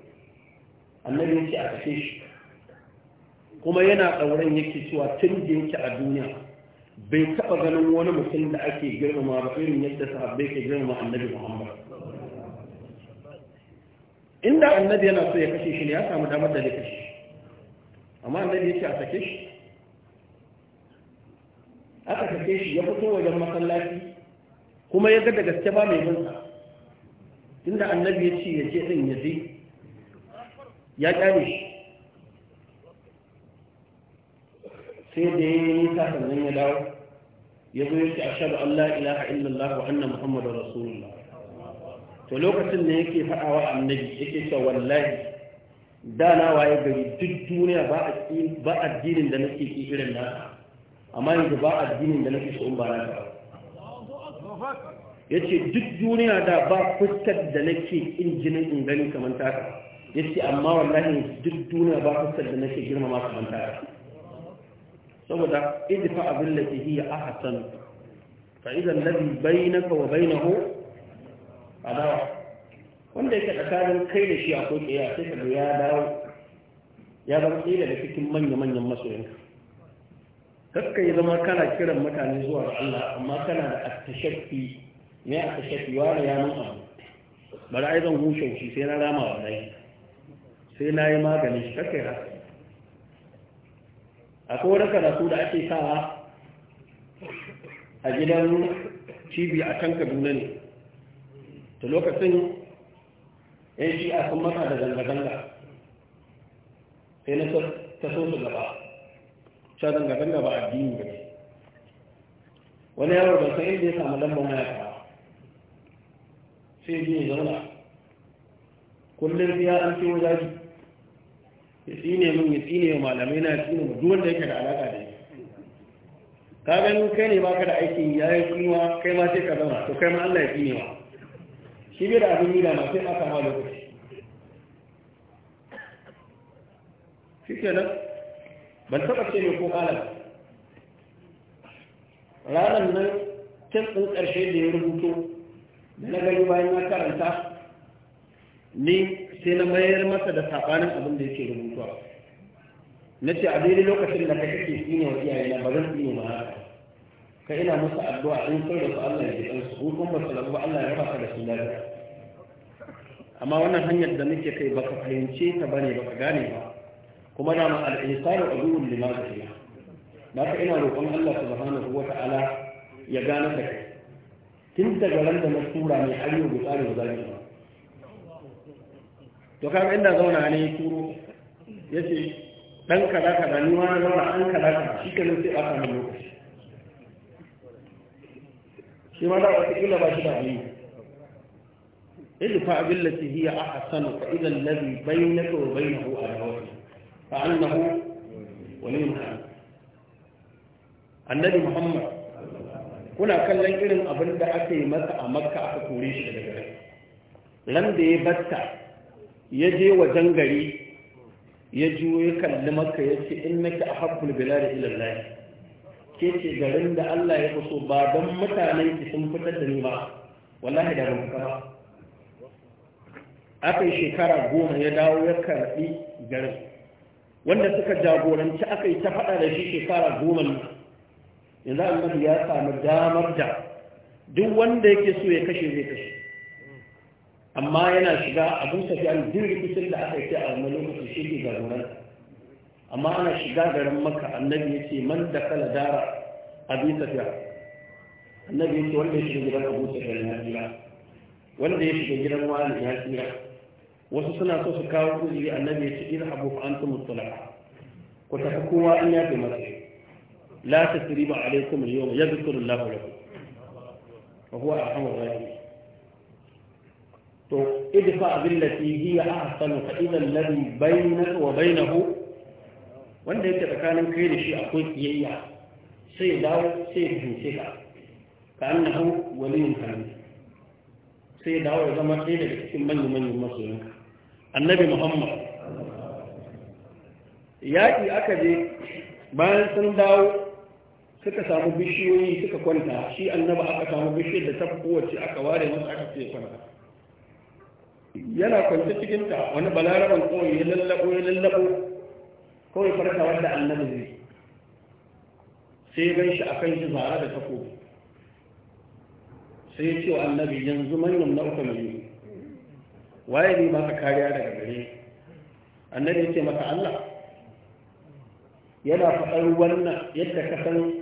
Speaker 3: annabi yake a kashe shi kuma yana tsauran yake cewa tun da yake a duniya bai taɓa ganin wani mutum da ake girmama ba irin yadda sahabbai ke girmama annabi muhammad inda annabi yana so ya kashe shi ne ya samu damar da zai kashe amma annabi yake a sake shi aka sake shi ya fito wajen masallaci kuma ya ga da gaske ba mai bin inda annabi ya ce ya je din ya je ya kyale shi sai da ya yi ta sannan ya dawo ya zo yake ashadu an la ilaha illallah wa anna muhammadu rasulullah to lokacin da yake faɗawa annabi yake cewa wallahi da na waye gari duk duniya ba addinin da nake ki irin na amma yanzu ba addinin da nake so in ba na ba ya ce duk duniya da ba fuskar da nake in jinin in gani kamar taka ya ce amma wallahi duk duniya ba fuskar da nake girmama kamar taka saboda fa abin da ke hiya a hasan fa'izan labi bai na kawo bai na ho dawa wanda yake tsakanin kai da shi akwai ƙiya sai ka ya dawo ya zama ƙila da cikin manya-manyan masoyinka kakka yi zama kana kiran mutane zuwa ga Allah amma kana da attashaffi ne attashaffi wa ya yanin abu bari ai zan hushe shi sai na rama wa nai sai na yi maganin shi kakka yi haka akwai wani karatu da ake sawa a gidan cibi a can kaduna ne ta lokacin yan a sun mata da zanga-zanga sai na ta so su gaba cewa zanga-zanga ba addini ba ce wani yawon ban san inda ya samu lambar mayaka sai biyu zauna kullum ya an ce wajaji ya tsine min ya tsine wa malamai na ya tsine wa duwanda yake da alaƙa da yake ka ganin kai ne baka da aikin ya yi tsinuwa kai ma sai ka zama to kai ma Allah ya tsinewa shi bai da abin yi da sai aka ma lokaci shi nan ban taɓa ce mai ko kala ranar nan cin ɗin ƙarshe da ya rubuto da na gani bayan na karanta ni sai na mayar masa da saɓanin abin da yake rubutuwa na ce a daidai lokacin da ka kake tsine wa iyaye na ba zan tsine ma haka ka ina musu addu'a in kai da su Allah ya ji su in kuma su ba Allah ya raba ka da su amma wannan hanyar da muke kai baka fahimce ta bane baka gane ba kuma da ma al-insanu aduwwun lima na naka ina roƙon Allah subhanahu wata'ala ya gane da kai tun daga ran da na tura mai ayyo bi tsarin zalimi ba to kaga inda zauna ne turo yace dan kaza kaza ni ma zauna an kaza kaza shi kenan sai aka nan lokaci shi ma da wata kila ba shi da aliyu idfa billati hiya ahsanu fa idha alladhi bainaka wa bainahu adawatu فأنه ولي محمد annabi muhammad kuna kallon irin abin da aka yi masa a makka aka kore shi daga gari ran ya batta ya je wajen gari ya juyo ya kalli maka ya ce in nake a habbul bilari ilallahi ke ce garin da allah ya so ba don mutanen sun fitar da ni ba wallahi da ban ba aka yi shekara goma ya dawo ya karɓi garin wanda suka jagoranci aka yi ta faɗa da shi shekara goma ne yanzu annabi ya samu damar da duk wanda yake so ya kashe zai kashe amma yana shiga abin safiyan duk rikicin da aka yi a wannan lokacin shi ne garuran amma ana shiga garin maka annabi ya ce man da kala dara abin safiya annabi ya ce wanda ya shiga gidan abu tafiya ya wanda ya shiga gidan wani ya tsira wasu suna so su kawo kuzuri annabi ya ce irhabu fa antum mutlaqa ku tafi kowa an yafe masa la tasriba alaikum al-yawm yadhkuru Allahu lakum wa huwa arhamur rahim to idfa billati hiya ahsanu fa idha alladhi bainaka wa bainahu wanda yake tsakanin kai da shi akwai kiyayya sai dawo sai hince ka ka annahu waliyun hamid sai dawo ya zama ɗaya daga cikin manyan manyan masoyanka annabi muhammad yaƙi aka je bayan sun dawo suka samu bishiyoyi suka kwanta shi annaba aka samu bishiyar da ta kowace aka ware masa aka fiye kwanta yana kwanta cikinta wani balaraban kawai ya lallabo ya lallabo kawai farka wanda annabi zai sai ya shi a kan shi zara da takobi sai ya ce wa annabi yanzu manyan na nau'ukan yi waye ne ba ka kariya daga gare annabi ya ce maka Allah yana faɗar wannan yadda ka san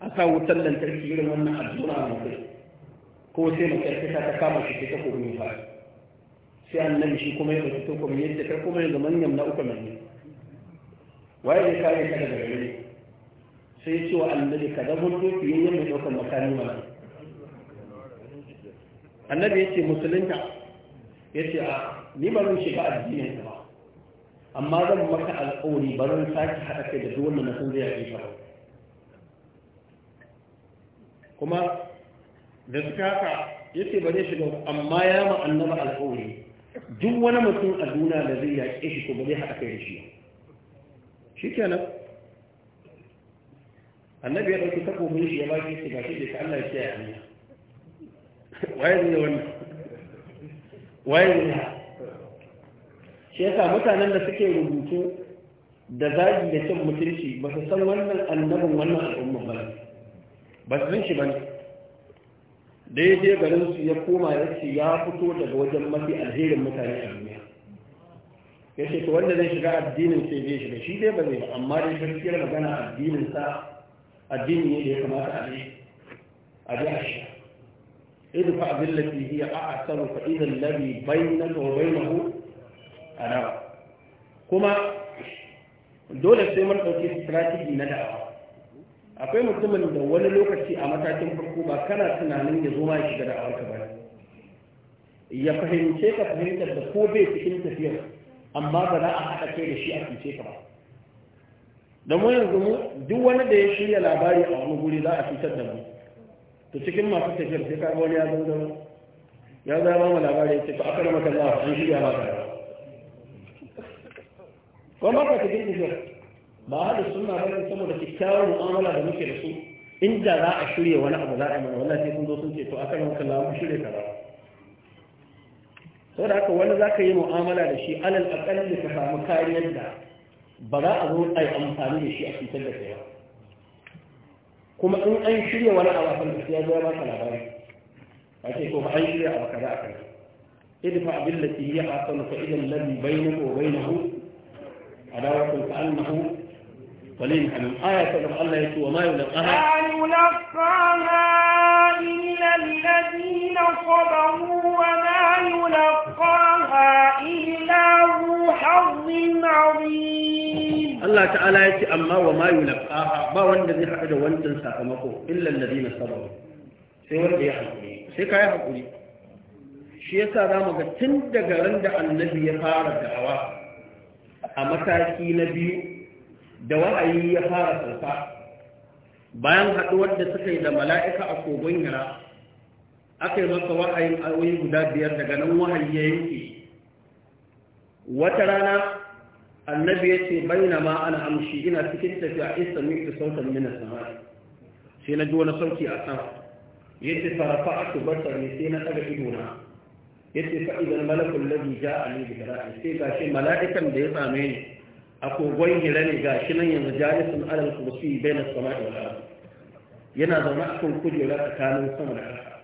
Speaker 3: a sa wutar lantarki irin wannan addu'a na mutum ko sai mace ta ta kama shi ta kuma fara sai annabi shi kuma ya ko kuma yadda ka kuma ya zaman yamna uku nan waye ne kare ka daga gare sai ya ce wa annabi ka zama to fiye yamma ɗaukar makani mana annabi ya ce musulunta ya ce a ni ba zan shiga addinin ba amma zan maka alƙawari ba zan sake haɗa kai da duk wanda na san zai yaƙi ka kuma da suka haka ya ce ba zai shiga amma ya ma annaba alƙawari duk wani mutum a duniya da zai yaƙe shi ko ba zai haɗa kai da shi shi kenan annabi ya ɗauki takobin shi ya ba shi shi ga shi da Allah ya ce ya hanya <laughs> waye ne wannan wayan shi yasa mutanen da suke rubutu da zagi da cin mutunci ba su san wannan annabin wannan al'umma ba ba su san shi ba ne daidai garin su ya koma ya ce ya fito daga wajen mafi alherin mutane a duniya ya ce to wanda zai shiga addinin sai zai shiga shi dai ba zai amma dai gaskiyar magana addinin sa addini ne da ya kamata a ne a shi idfa billati hiya ahsanu fa bai alladhi bainaka wa bainahu adawa kuma dole sai mun dauki na da'awa akwai mutumin da wani lokaci a matakin farko ba kana tunanin ya zo ma ya shiga ba ya fahimce ka fahimtar da ko bai cikin tafiyar amma ba za a haɗa kai da shi a cuce ka ba da mu yanzu duk wani da ya shirya labari a wani guri za a fitar da mu to cikin masu tafiyar sai kaga wani ya zo da ya zo ya ba labari ya ce to aka rama kaza shi ya maka ko ma ka cikin tafiyar ba hada sunna ba ne saboda kyakkyawar mu'amala da muke da su inda za a shirya wani abu za a yi mana wallahi sai sun zo sun ce to aka rama kaza mun shirya kaza saboda haka wani za ka yi mu'amala da shi alal aƙalli ka samu kariyar da ba za a zo a yi amfani da shi a fitar da kai ba kuma in an shirya wani abu a kan ya zama ya baka labari a ce ko ba an shirya abu kaza a kan idfa bil lati hiya ahsanu fa idan ko hu a da ta an mahu ladhi bainaka wa bainahu adawatun ka annahu ولين حميم آية ha الله يتوى وما يلقاها
Speaker 1: لا يلقاها إلا الذين صبروا وما يلقاها إلا ذو حظ عظيم Allah ta'ala
Speaker 3: ya ce amma wa ma yulqaha ba wanda zai haɗu da wancan sakamako illa alladhina sabaru sai wanda ya haƙuri sai ka yi haƙuri shi yasa za mu ga tun daga ran da annabi ya fara da'awa a mataki na biyu da wa'ayi ya fara sauka bayan haɗuwar da suka yi da mala'ika a kogon yara aka yi masa wa'ayin ayoyi guda biyar daga nan wahayi ya yanke wata rana annabi ya ce bai na ma ana amshi ina cikin tafiya isa mai da sautan mina sama sai na ji wani sauki a sama ya ce farafa a ku basar ne sai na ɗaga na ya ce fa'izan malakun labi ja a ne bikara sai gashi mala'ikan da ya same ni a kogon hira ne gashi nan yanzu jarisun alal kursi bai na sama da wala yana zaune a kan kujera tsakanin sama da ƙasa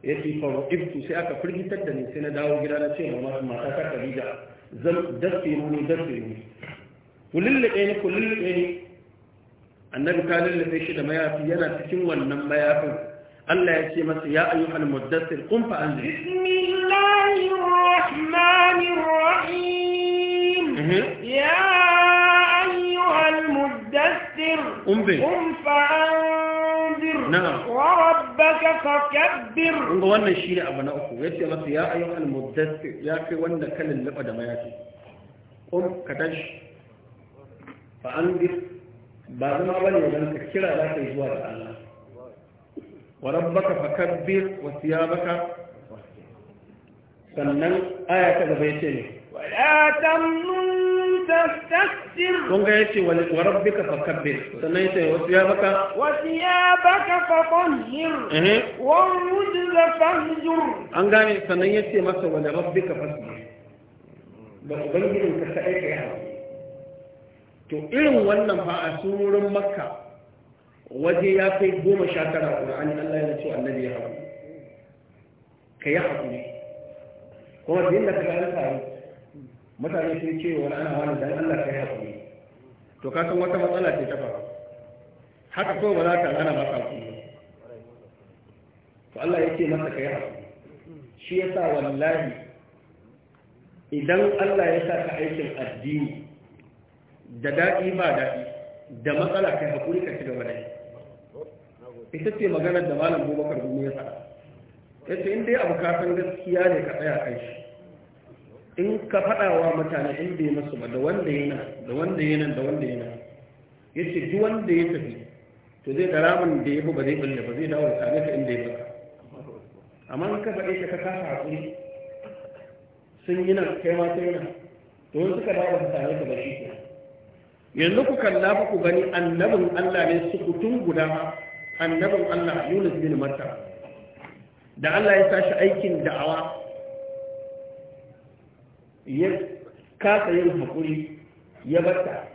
Speaker 3: ya ce faru ibtu sai aka firgitar da ni sai na dawo gida na ce ma mata ta kabija زل دفنوني دفنوني وللي قينك وللي قينك النبي قال اللي فيش لما يأتي أنا تتنون لما يأكل ألا يأتي مثل
Speaker 1: بسم الله الرحمن الرحيم يا أيها المدثر قم فأنزل Na'a. wa rabbaka fakabbir kun ga
Speaker 3: wannan abu na uku yace masu ya al muddathir ya kai wanda ka lallaba da mayafi qum ka tashi ba an bi ba zama bane dan ka kira za ka zuwa ga Allah wa rabbaka fakabbir wa thiyabaka sannan aya ta bai yace ne
Speaker 1: wala tamnu تستكبر كون
Speaker 3: يتي وربك فكبر يتي فطهر
Speaker 1: والرجل
Speaker 3: يتي ولربك فاصبر to irin wannan fa a makka waje ya kai goma sha tara ƙura'ani Allah ya ce annabi ya hau ka yi haƙuri kuma da yin da ka ga alfahari mutane sun ce wani ana wani dan Allah kai haƙuri to ka san wata matsala ce ta faru haka ko ba za ka ana maka haƙuri to Allah ya ce masa kai haƙuri shi yasa wallahi idan Allah ya sa ka aikin addini da daɗi ba daɗi da matsala kai haƙuri ka ci gaba da ita ce maganar da malam Abubakar Gumi ya faɗa yace in dai abu ka san gaskiya ne ka tsaya kai shi in ka faɗa wa mutane in bai masu ba da wanda yana da wanda yana da wanda yana ya ce duk wanda ya tafi to zai da ramin da ya fi ba zai bulle ba zai dawo da tare ka inda
Speaker 1: ya baka
Speaker 3: amma in ka faɗe ka ka kasa hakuri sun yi nan kai ma sai nan to wani suka dawo da tare ka ba shi ke
Speaker 1: yanzu ku kalla
Speaker 3: fa ku gani annabin Allah ne su kutun guda annabin Allah Yunus bin Matta da Allah ya tashi aikin da'awa ya kasa yin haƙuri ya batta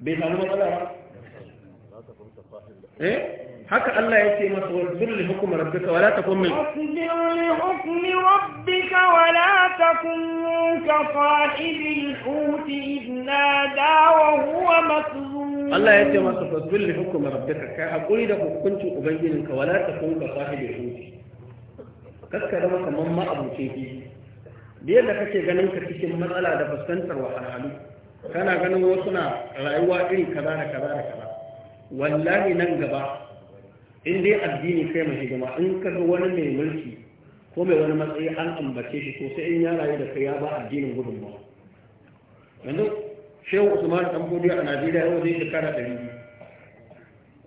Speaker 3: bai sami matsala ba eh haka Allah ya ce masa wasbir li hukmi rabbika wala takun min wasbir
Speaker 1: li hukmi rabbika wala takun ka sahibil hut idna da wa huwa makzum Allah ya ce masa
Speaker 3: wasbir li hukmi rabbika kai hakuri da hukuncin ubangijinka wala takun ka sahibil hut kaskara maka mamma abuce ki da yadda kake ganin ka cikin matsala da fuskantar wahalhalu kana ganin wasu na rayuwa iri kaza da kaza da kaza wallahi nan gaba in dai addini kai mai hidima in ka ga wani mai mulki ko mai wani matsayi an ambace shi to sai in ya rayu da kai ya ba addinin gudunmawa yanzu shehu usman tambodi a najeriya yau zai shekara ɗari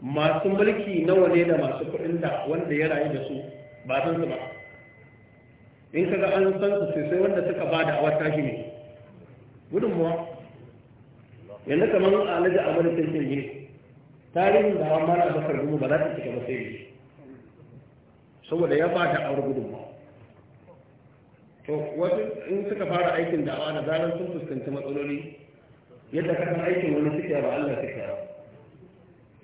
Speaker 3: masu mulki nawa ne da masu kuɗin da wanda ya rayu da su ba san su ba in ga an san su sosai wanda suka ba da awar tashi ne gudunmuwa yanzu kamar alaji a wani cikin ne tarihin da hawan mala bakar gumu ba za ta cika ba sai ne saboda ya ba da awar gudunmuwa
Speaker 1: to wasu in suka
Speaker 3: fara aikin da da'awa da zarar sun fuskanci matsaloli yadda kasan aikin wani suke ba Allah suke ba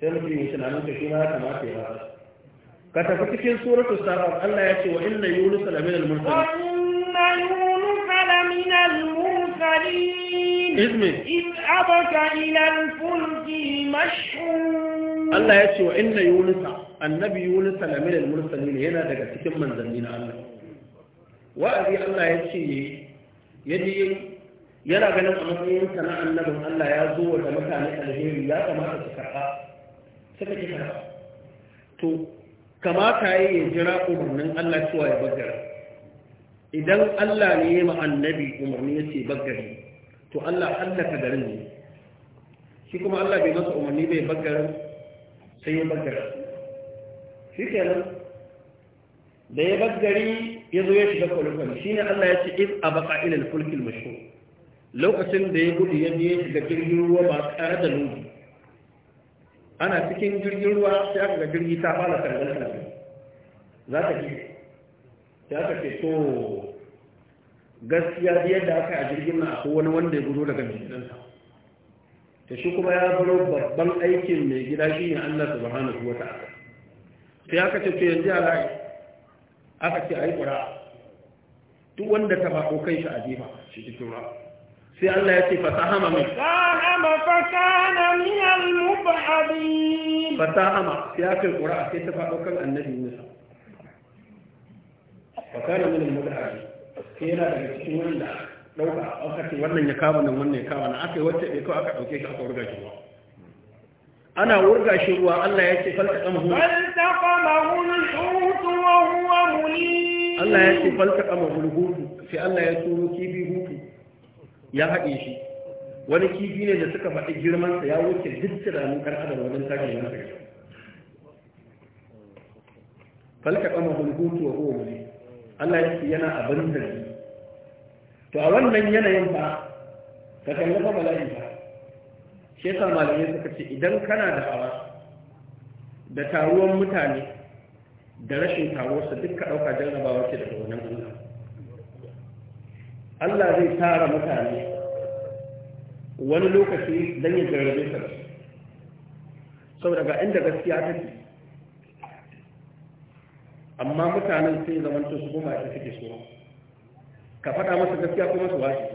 Speaker 3: sai mutum yi tunanin ta shi na ya kamata ya ba ka tafi cikin suratul sarab Allah ya ce wa inna yunus la min al
Speaker 1: mursalin wa inna yunus la min al mursalin izmi iz abaka ila al fulki mashhun Allah ya ce wa inna
Speaker 3: yunus annabi yunus la min al mursalin yana daga cikin manzanni na Allah Wa wa'azi Allah ya ce yaji yana ganin a matsayin na annabin Allah ya zo da mutane alheri ya kamata su karɓa suka ki karɓa to kamata ya yi jira umarnin Allah cewa ya baggara idan Allah ne ya ma annabi umarni ya ce baggari to Allah hallaka garin ne shi kuma Allah bai masa umarni bai baggara sai ya baggara shi kenan da ya baggari ya zo ya shiga kwalikwali shi ne Allah ya ce iz a baka ilal fulkil mashu lokacin da ya gudu ya je ya shiga jirgin ruwa ba tsara da lodi ana cikin jirgin ruwa sai aka ga jirgi ta fara tangal za ta ke ta aka ce to gaskiya da yadda aka a jirgin na akwai wani wanda ya gudu daga jirginsa ta shi kuma ya baro babban aikin mai gida shi ne Allah subhanahu wa ta'ala sai aka ce to yanzu ala aka ce ayi qura duk wanda ta bako kai shi a jefa
Speaker 1: shi cikin ruwa sai Allah ya ce fasahama mai fasahama fasahama min al-mubadi fasahama
Speaker 3: sai aka qur'a sai ta faɗo kan annabi Musa fasahama min al-mubadi sai yana daga cikin wanda dauka aka ce wannan ya kama nan wannan ya kama nan aka yi wacce bai kawai aka dauke shi aka wurga shi ruwa ana wurga shi ruwa Allah ya ce falqamahu
Speaker 1: falqamahu al-hut wa huwa mulim Allah ya ce
Speaker 3: falqamahu al hutu sai Allah ya turo kibi hutu ya haɗe shi wani kifi ne da suka faɗi girmansa ya wuce duk tunanin ɗan da wajen tashi na sarki falka kama hulhutu wa kowa Allah ya ce yana abin zargi to a wannan yanayin ba ka kallafa bala'i ba shi yasa malamai suka ce idan kana da hawa da taruwan mutane da rashin taruwarsa duk ka ɗauka jarrabawa ce daga wannan Allah Allah zai tara mutane wani lokaci don yin jarabe ka saboda ga inda gaskiya ta ce amma mutanen sai zamanto su kuma ita suke so ka faɗa masa gaskiya kuma su wasu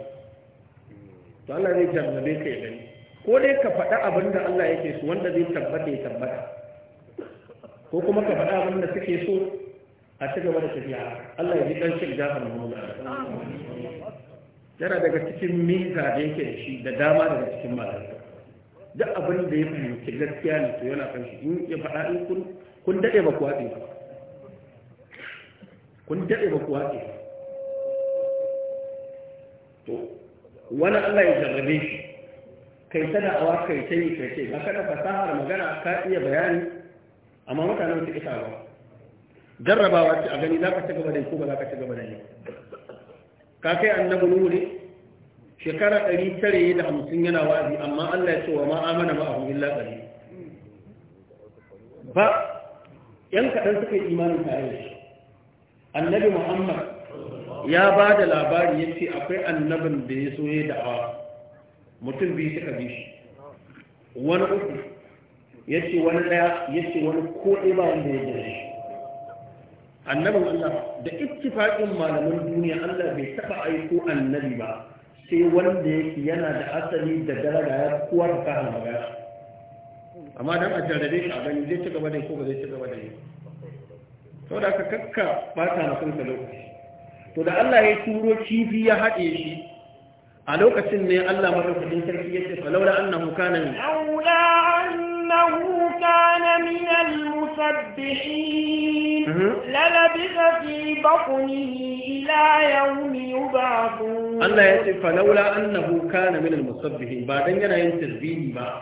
Speaker 3: to Allah zai jarabe ka yi gani ko dai ka faɗa abin da Allah yake su wanda zai tabbata ya tabbata ko kuma ka faɗa abin da suke so a cikin gaba da tafiya Allah ya ji ɗan shi gafar na da yana daga cikin mita da yake da shi da dama daga cikin malamai duk abin da ya fahimci gaskiya ne to yana kan shi in ya faɗa in kun kun daɗe ba kuwa ba kun daɗe ba kuwa ba to wani Allah ya jarrabe shi kai ta awa kai ta yi kai ce ba kada fasahar magana ka iya bayani amma mutanen su isa ba jarrabawa ce a gani za ka ci gaba da ko ba za ka ci gaba da ni. ka kai annabi nuhu ne shekara ɗari tare da hamsin yana wa'azi amma Allah ya ce wa ma'amana ma'ahu illa ƙari ba ‘yan kaɗan suka yi imanin tare da shi annabi muhammad ya ba da labari ya ce akwai annabin da ya so ya da'awa mutum biyu suka bi shi wani uku ya ce wani ɗaya ya ce wani ko ɗaya ba wanda ya gare shi annabi Allah da ittifaqin malaman duniya Allah bai taba aiko annabi ba sai wanda yake yana da asali da daraja ya kuwar ka magana amma dan a jarrabe shi a gani zai ci gaba da ko ba zai ci gaba da yi saboda ka kakka bata na kanka lokaci to da Allah ya turo kifi ya haɗe shi a lokacin ne Allah madaukakin sarki yace falaula annahu kana
Speaker 1: laula إنه كان من المسبحين للبث في بطنه إلى يوم يبعثون الله
Speaker 3: يقول فلولا أنه كان من المسبحين بعدين أنا ينتسبيه ما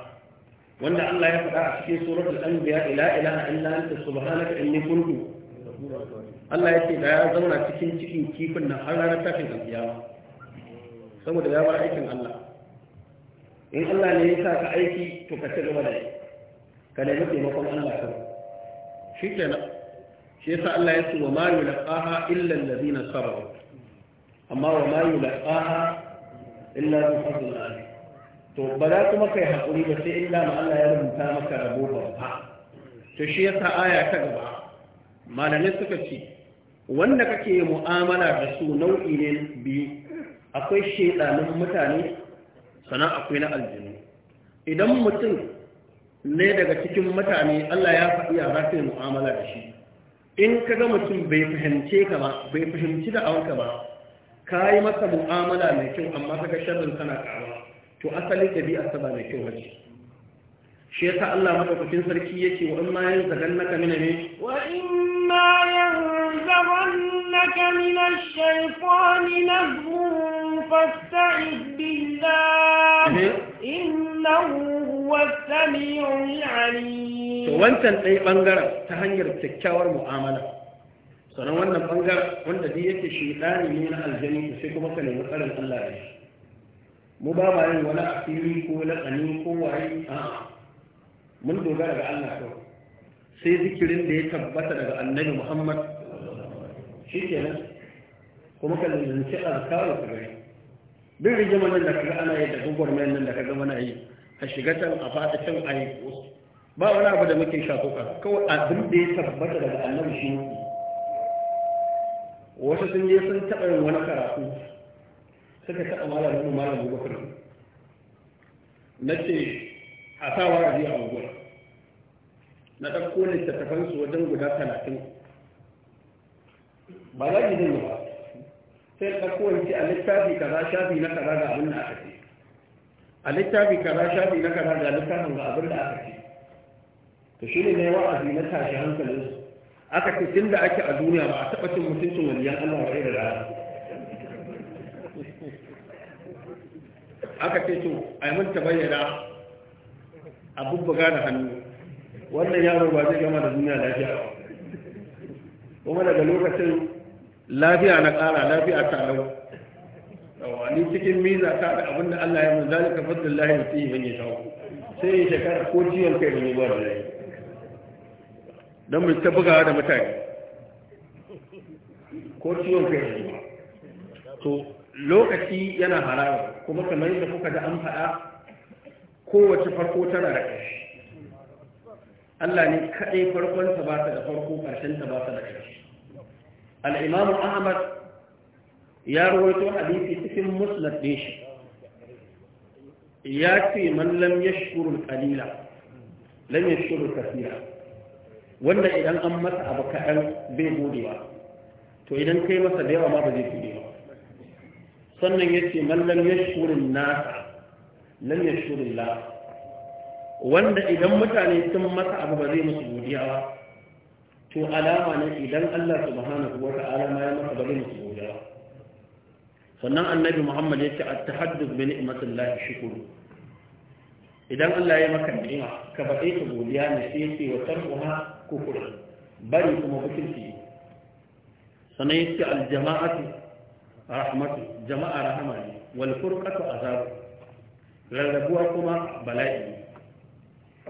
Speaker 3: وأن الله يفعل في سورة الأنبياء لا إله إلا أنت سبحانك إني كنت Allah ya ce da ya zauna cikin cikin kifin nan har ranar tashin alkiyama saboda ya bar aikin Allah in Allah ne ya sa ka aiki to ka ci gaba da shi ka nemi taimakon Allah ka shi kenan shi yasa Allah ya ce wa ma yulqaha illa allazina sabaru amma wa ma yulqaha illa bi fadlil alim to ba za kuma kai hakuri ba sai illa ma Allah ya rubuta maka rabo babba to shi yasa aya ta gaba malamai suka ce wanda kake mu'amala da su nau'i ne biyu akwai shedanin mutane sannan akwai na aljinu idan mutum ne daga cikin mutane Allah ya faɗi a za mu'amala da shi in ka ga mutum bai fahimce ka ba bai fahimci da awanka ba ka yi masa mu'amala mai kyau amma ka ga sharrin tana ƙawa to asali ɗabi'ar ta ba mai kyau wace shi yasa Allah madaukakin sarki yake wa in ma yanzaghannaka min ne
Speaker 1: wa in ma yanzaghannaka min ash na nazghun فاستعذ بالله إنه هو السميع العليم
Speaker 3: wancan ɗaya ɓangaren ta hanyar kyakkyawar mu'amala sannan wannan ɓangaren wanda dai yake shaidani ne na aljani sai kuma ka nemi tsarin Allah ne mu ba ma yin wani asiri ko laƙani ko waye a'a mun dogara ga Allah kawai sai zikirin da ya tabbata daga annabi Muhammad shi kenan kuma ka zanci azkaru ka gani duk rigimar nan da kaga ana yi da mai nan da kaga mana yi a shiga can a fata can a yi ba wani abu da muke ka kawai abin da ya tabbata daga annabi shi ne wasu sun je sun taɓa yin wani karatu suka taɓa malamin malam abubakar na ce a sa wa a unguwar na ɗauko littattafansu wajen guda talatin ba za ki zai ba sai ka kowace a littafi kaza shafi na kaza ga abin da aka ce a littafi kaza shafi na kaza ga littafin ga abin da aka ce to shi ne na yawa a na tashi hankalin su aka ce tun da ake a duniya ba a taɓa cin mutuncin waliyan Allah wa da rana aka ce to a yi mun bayyana a bubbuga da hannu wannan yaro ba zai gama da duniya lafiya ba kuma daga lokacin lafiya na ƙara lafiya ta lau ni cikin miza ta da abin da Allah ya mun zalika fadlullahi yi man yasha sai ya shekara ko ciwon kai ne ba da yi. dan mu ta bugawa da mutane ko ciwon kai ne to lokaci yana harawa kuma kamar yadda kuka da an faɗa kowace farko tana da ƙarshe Allah ne kaɗai farkonsa ba ta da farko ƙarshenta ba ta da ƙarshe al'imamu ahmad ya rawaito hadisi cikin musnad ɗin shi ya ce man lam yashkuru qalila lam yashkuru kathira wanda idan an masa abu kaɗan bai godewa to idan kai masa ma ba zai ba sannan ya ce man lam yashkurin nasa lam yashkurin wanda idan mutane sun masa abu ba zai musu godiya ba to alama ne idan Allah subhanahu wa ta'ala ma ya maka bari musu goya sannan annabi Muhammad ya ce at-tahaddud bi ni'matillahi shukru idan Allah ya maka ni'ima ka baɗe ka godiya ne sai sai ce wa tarkuha kufur bari kuma butulci sannan ya ce aljama'atu rahmatu jama'a rahama ne wal furqatu azab rarrabuwa kuma bala'i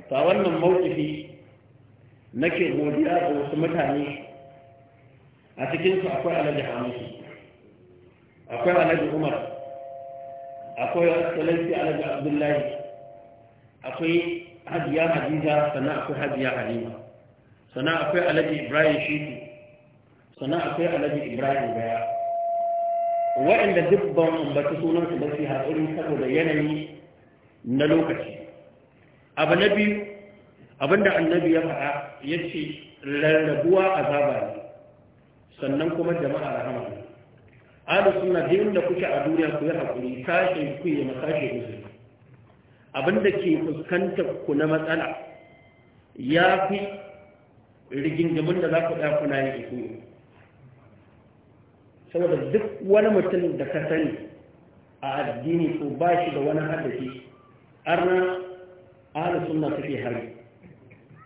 Speaker 3: ta wannan mawqifi nake godiya ga wasu mutane a cikinsu akwai alhaji hamisu akwai alhaji umar akwai excellency alhaji abdullahi akwai hajiya hadiza sannan akwai hajiya halima sannan akwai alhaji ibrahim shitu sannan akwai alhaji ibrahim baya waɗanda duk ban ambaci sunansu ba su haƙuri saboda yanayi na lokaci abu na biyu abinda annabi ya faɗa ya ce rarrabuwa azaba ne sannan kuma jama'a rahama ne ahlu sunna da inda kuke a duniya ku yi hakuri tashi ku yi masashi musulmi abinda ke fuskantar ku na matsala ya fi rigingimin da za ku ɗaya kuna yi ku saboda duk wani mutum da ka sani a addini ko ba shi da wani haddashi arna ahlu sunna suke harbi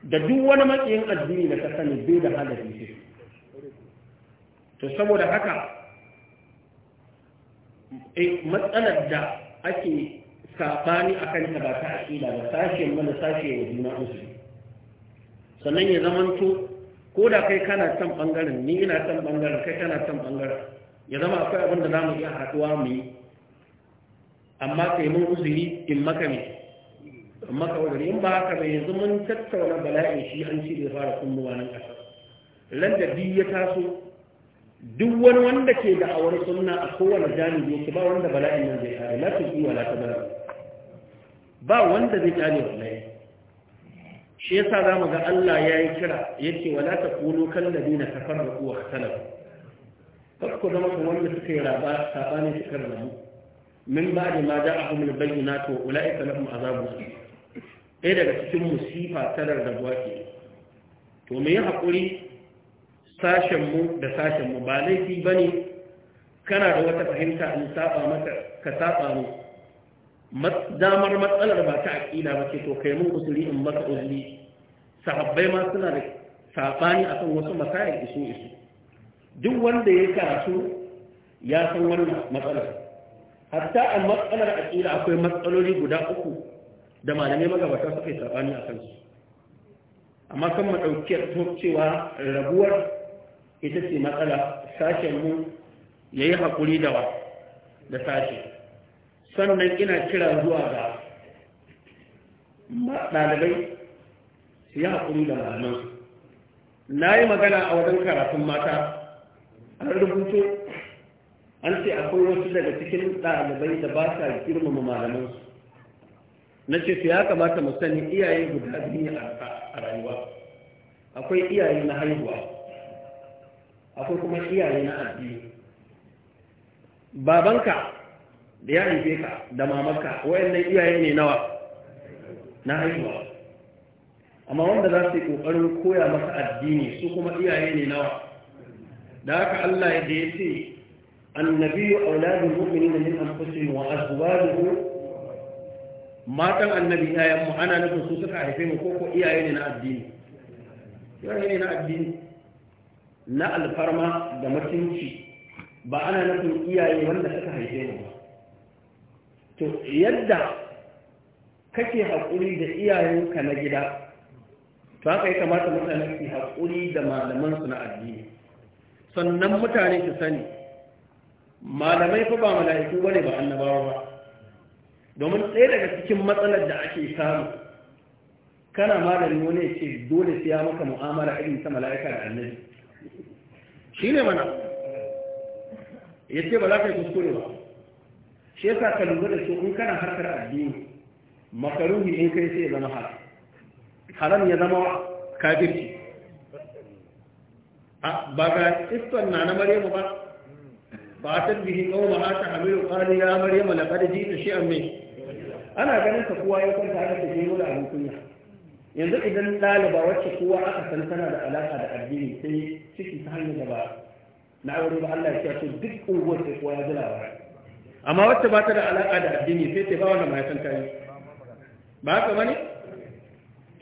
Speaker 3: da duk wani matsayin addini da ka sani bai da halar yake to saboda haka eh, matsalar da ake saɓani a kanta ba ta aƙila ba sashe mana sashe wa juna musu sannan ya to ko da kai kana can ɓangaren ni ina can ɓangaren kai kana can ɓangaren ya zama akwai abin da za mu iya haɗuwa mu yi amma kai mun uzuri in makami. amma kawai in ba haka bai yanzu mun tattauna bala'in shi an cire fara kunnuwa nan ƙasa ran da duk ya taso duk wani wanda ke da awar sunna a kowane janibi yake ba wanda bala'in nan zai kare la tuqi lafi tabara ba wanda zai kare wallahi shi yasa mu ga Allah ya yi kira ya ce wala taqulu kal ladina da wa ikhtalafu kakko da mutum wanda suka yi raba sabani suka rabu min ba'di ma ja'ahum al bayyinatu ulaika lahum azabun ɗaya daga cikin musifa tanar da ke to mu yi haƙuri sashenmu da sashenmu ba laifi ba ne kana da wata fahimta in saba maka ka saba mu damar matsalar ba ta aƙila ba ce to kai mun usuri in maka uzuri sahabbai ma suna da saɓani akan wasu masayar isu isu duk wanda ya karatu ya san wannan matsalar hatta a matsalar aƙila akwai matsaloli guda uku da malamai magabata suka yi sabani a kansu amma kan mu cewa rabuwar ita ce matsala sashen mu yayi hakuri da wa da sashe sannan ina kira zuwa ga ɗalibai su yi haƙuri da malamai na yi magana a wajen karatun mata an rubuto an ce akwai wasu daga cikin ɗalibai da ba sa girmama malamansu na ce ya kamata mu sani iyaye guda biyu ne a rayuwa akwai iyaye na haihuwa akwai kuma iyaye na addini babanka da ya haife ka da mamanka wayannan iyaye ne nawa na haihuwa amma wanda za su yi ƙoƙarin koya masa addini su kuma iyaye ne nawa da haka Allah ya ce annabiyu auladul mu'minina min anfusihim wa azwajuhum matan annabi iyayen mu ana nufin su suka haife mu ko ko iyaye ne na addini iyaye ne na addini na alfarma da mutunci ba ana nufin iyaye wanda suka haife mu ba to yadda kake haƙuri da iyayenka na gida to haka ya kamata mutane su haƙuri da malamansu na addini sannan mutane su sani malamai fa ba mala'iku bane ba annabawa ba domin ɗaya daga cikin matsalar da ake samu kana malami wani ce dole siya maka mu'amala irin ta mala'ika da annabi shi ne mana ya ce ba za ka yi kuskure ba shi yasa ka lura da su in kana harkar addini makaruhi in kai sai ya zama haram haram ya zama kafirci ba ga iston na na maryamu ba ba ta bihi kauma ha ta hamilu qalu ya maryama laqad jita shi amme. ana ganin ka kowa ya kwanta haka take nuna abin kunya yanzu idan ɗaliba wacce kowa aka san tana da alaƙa da addini sai ciki ta hanyar da ba na aure ba Allah ya ce duk unguwar sai kowa ya ji labari amma wacce ba ta da alaƙa da addini sai ta ba wanda ma ya san ta yi ba haka bane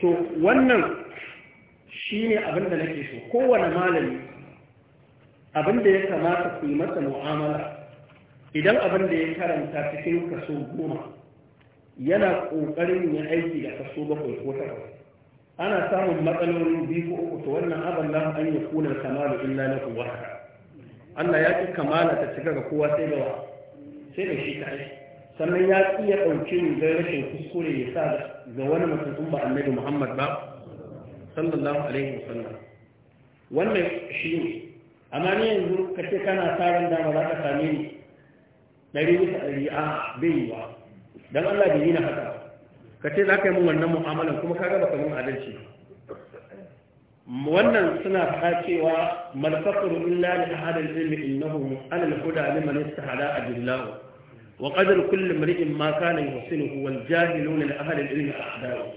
Speaker 3: to wannan shi ne abin da nake so kowane malami abin da ya kamata ku yi masa mu'amala idan abin da ya karanta cikin kaso goma yana ƙoƙarin yin aiki da kaso bakwai ko takwas ana samun matsaloli biyu ko uku to wannan abin da an yi kunan kamalu illa na kuwa Allah ya ƙi kamala ta cika ga kowa sai da sai da shi kai sannan ya ƙi ya ɗauki ni don rashin kuskure ya sa ga wani mutum ba annabi Muhammad ba sallallahu alaihi wasallam wannan shi ne amma ni yanzu ka ce kana sabon da dama za ka same ni ɗari wuta ɗari a bai yi wa don Allah bai yi na haka ka ce za ka yi min wannan mu'amalan kuma ka gaba kamun adalci wannan suna faɗa cewa malfaqru illa li ahad al-ilmi innahu ala al-huda liman istahada adillahu wa qadru kulli mar'in ma kana yuhsinuhu wal jahiluna li ahad al-ilmi a'dahu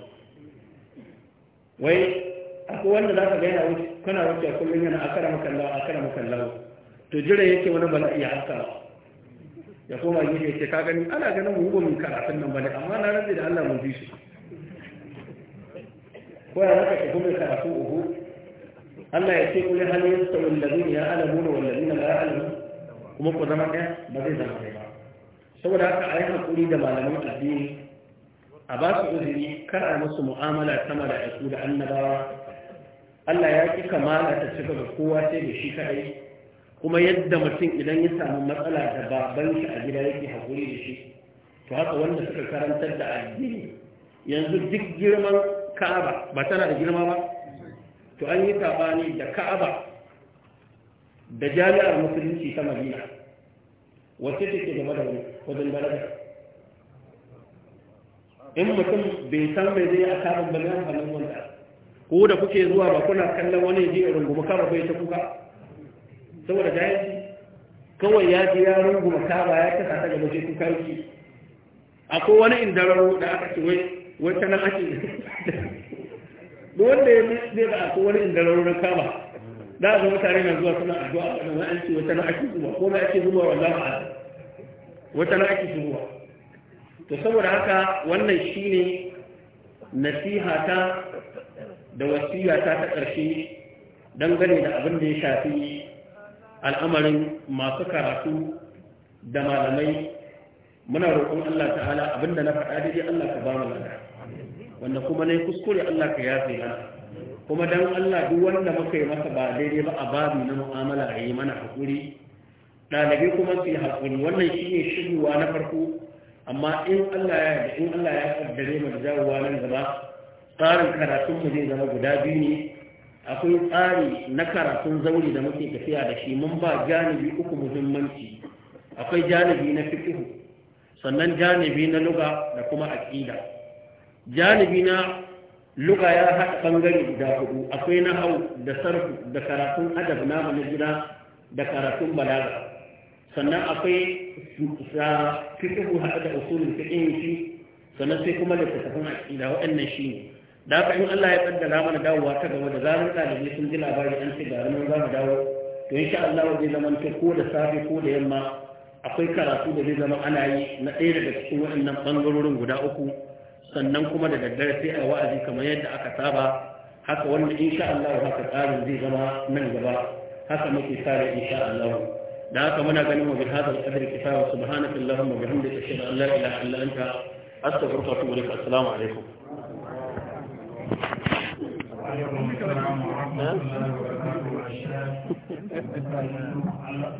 Speaker 3: wai akwai wanda za ka ga yana wuce kana wuce a kullum yana akara makallawa akara makallawa to jira yake wani bala ya haka ya koma yake ce ka gani ana ganin mu gomin karatun nan bane amma na rantsi da Allah mu bi shi ko ya raka kuma mai karatu uku Allah ya ce kulli hal yastawi alladhina ya'lamuna wal ladina la ya'lamun kuma ku zama ɗaya ba zai zama ɗaya ba saboda haka a yi hakuri da malaman addini a ba su uzuri kar a musu mu'amala sama da mala'iku da annabawa Allah ya ki kamala ta cika ga kowa sai da shi kaɗai kuma yadda mutum idan ya samu matsala da baban shi a gida yake haƙuri da shi to haka wanda suka karantar da addini yanzu duk girman ka'aba ba tana da girma ba to an yi tabani da ka'aba da jami'ar musulunci ta madina wacce take game da wajen daraja in mutum bai san bai zai a karin bayan halin wanda ko da kuke zuwa ba kuna kallon wani je guma kaba bai ta kuka saboda jahilci kawai ya ji ya rungu kaba ya kasa ta gaba sai kuka yake akwai wani indararo da aka ce wai wata ta nan ake <laughs> wanda ya zai ba akwai wani indararo na kaba da zama mutane na zuwa suna addu'a a wai an ce wata na ake zuwa ko na ake zuwa zama a wata na ake zuwa to saboda haka wannan shine nasiha ta da wasiya ta ta ƙarshe dangane da abin da ya shafi al'amarin masu karatu da malamai muna roƙon Allah ta'ala abin da na faɗa daidai Allah ka ba mu lada wanda kuma na yi kuskure Allah ka yafe mana kuma dan Allah duk wanda muka yi masa ba daidai ba a babu na mu'amala a yi mana haƙuri ɗalibai kuma su yi haƙuri wannan shi ne shigowa na farko amma in Allah ya yarda in Allah ya kaddare mu da jawowa nan gaba tsarin karatunmu zai zama guda biyu ne akwai tsari na karatun zauri da muke tafiya da shi mun ba janibi uku muhimmanci akwai janibi na fikihu sannan janibi na luga da kuma aqida janibi na luga ya haɗa ɓangare guda hudu akwai na hau da sarfu da karatun adab na na gida da karatun balaga sannan akwai fikihu haɗa da usulun fikihin shi sannan sai kuma littattafan aqida waɗannan shi ne da haka in Allah ya kaddara mana dawowa ta gaba da zarar ɗalibai sun ji labarin an ce garin mun za mu dawo to insha Allah zai zama ta ko da safe ko da yamma akwai karatu da zai zama ana yi na ɗaya daga cikin waɗannan ɓangarorin guda uku sannan kuma da daddare sai a wa'azi kamar yadda aka saba haka wanda insha Allah haka tsarin zai zama nan gaba haka muke tsara insha Allah da haka muna ganin wa bihadha al-qadri kifaya subhanaka allahumma wa bihamdika ashhadu an la ilaha illa anta astaghfiruka wa atubu ilaik assalamu alaikum
Speaker 2: Assalamu alaikum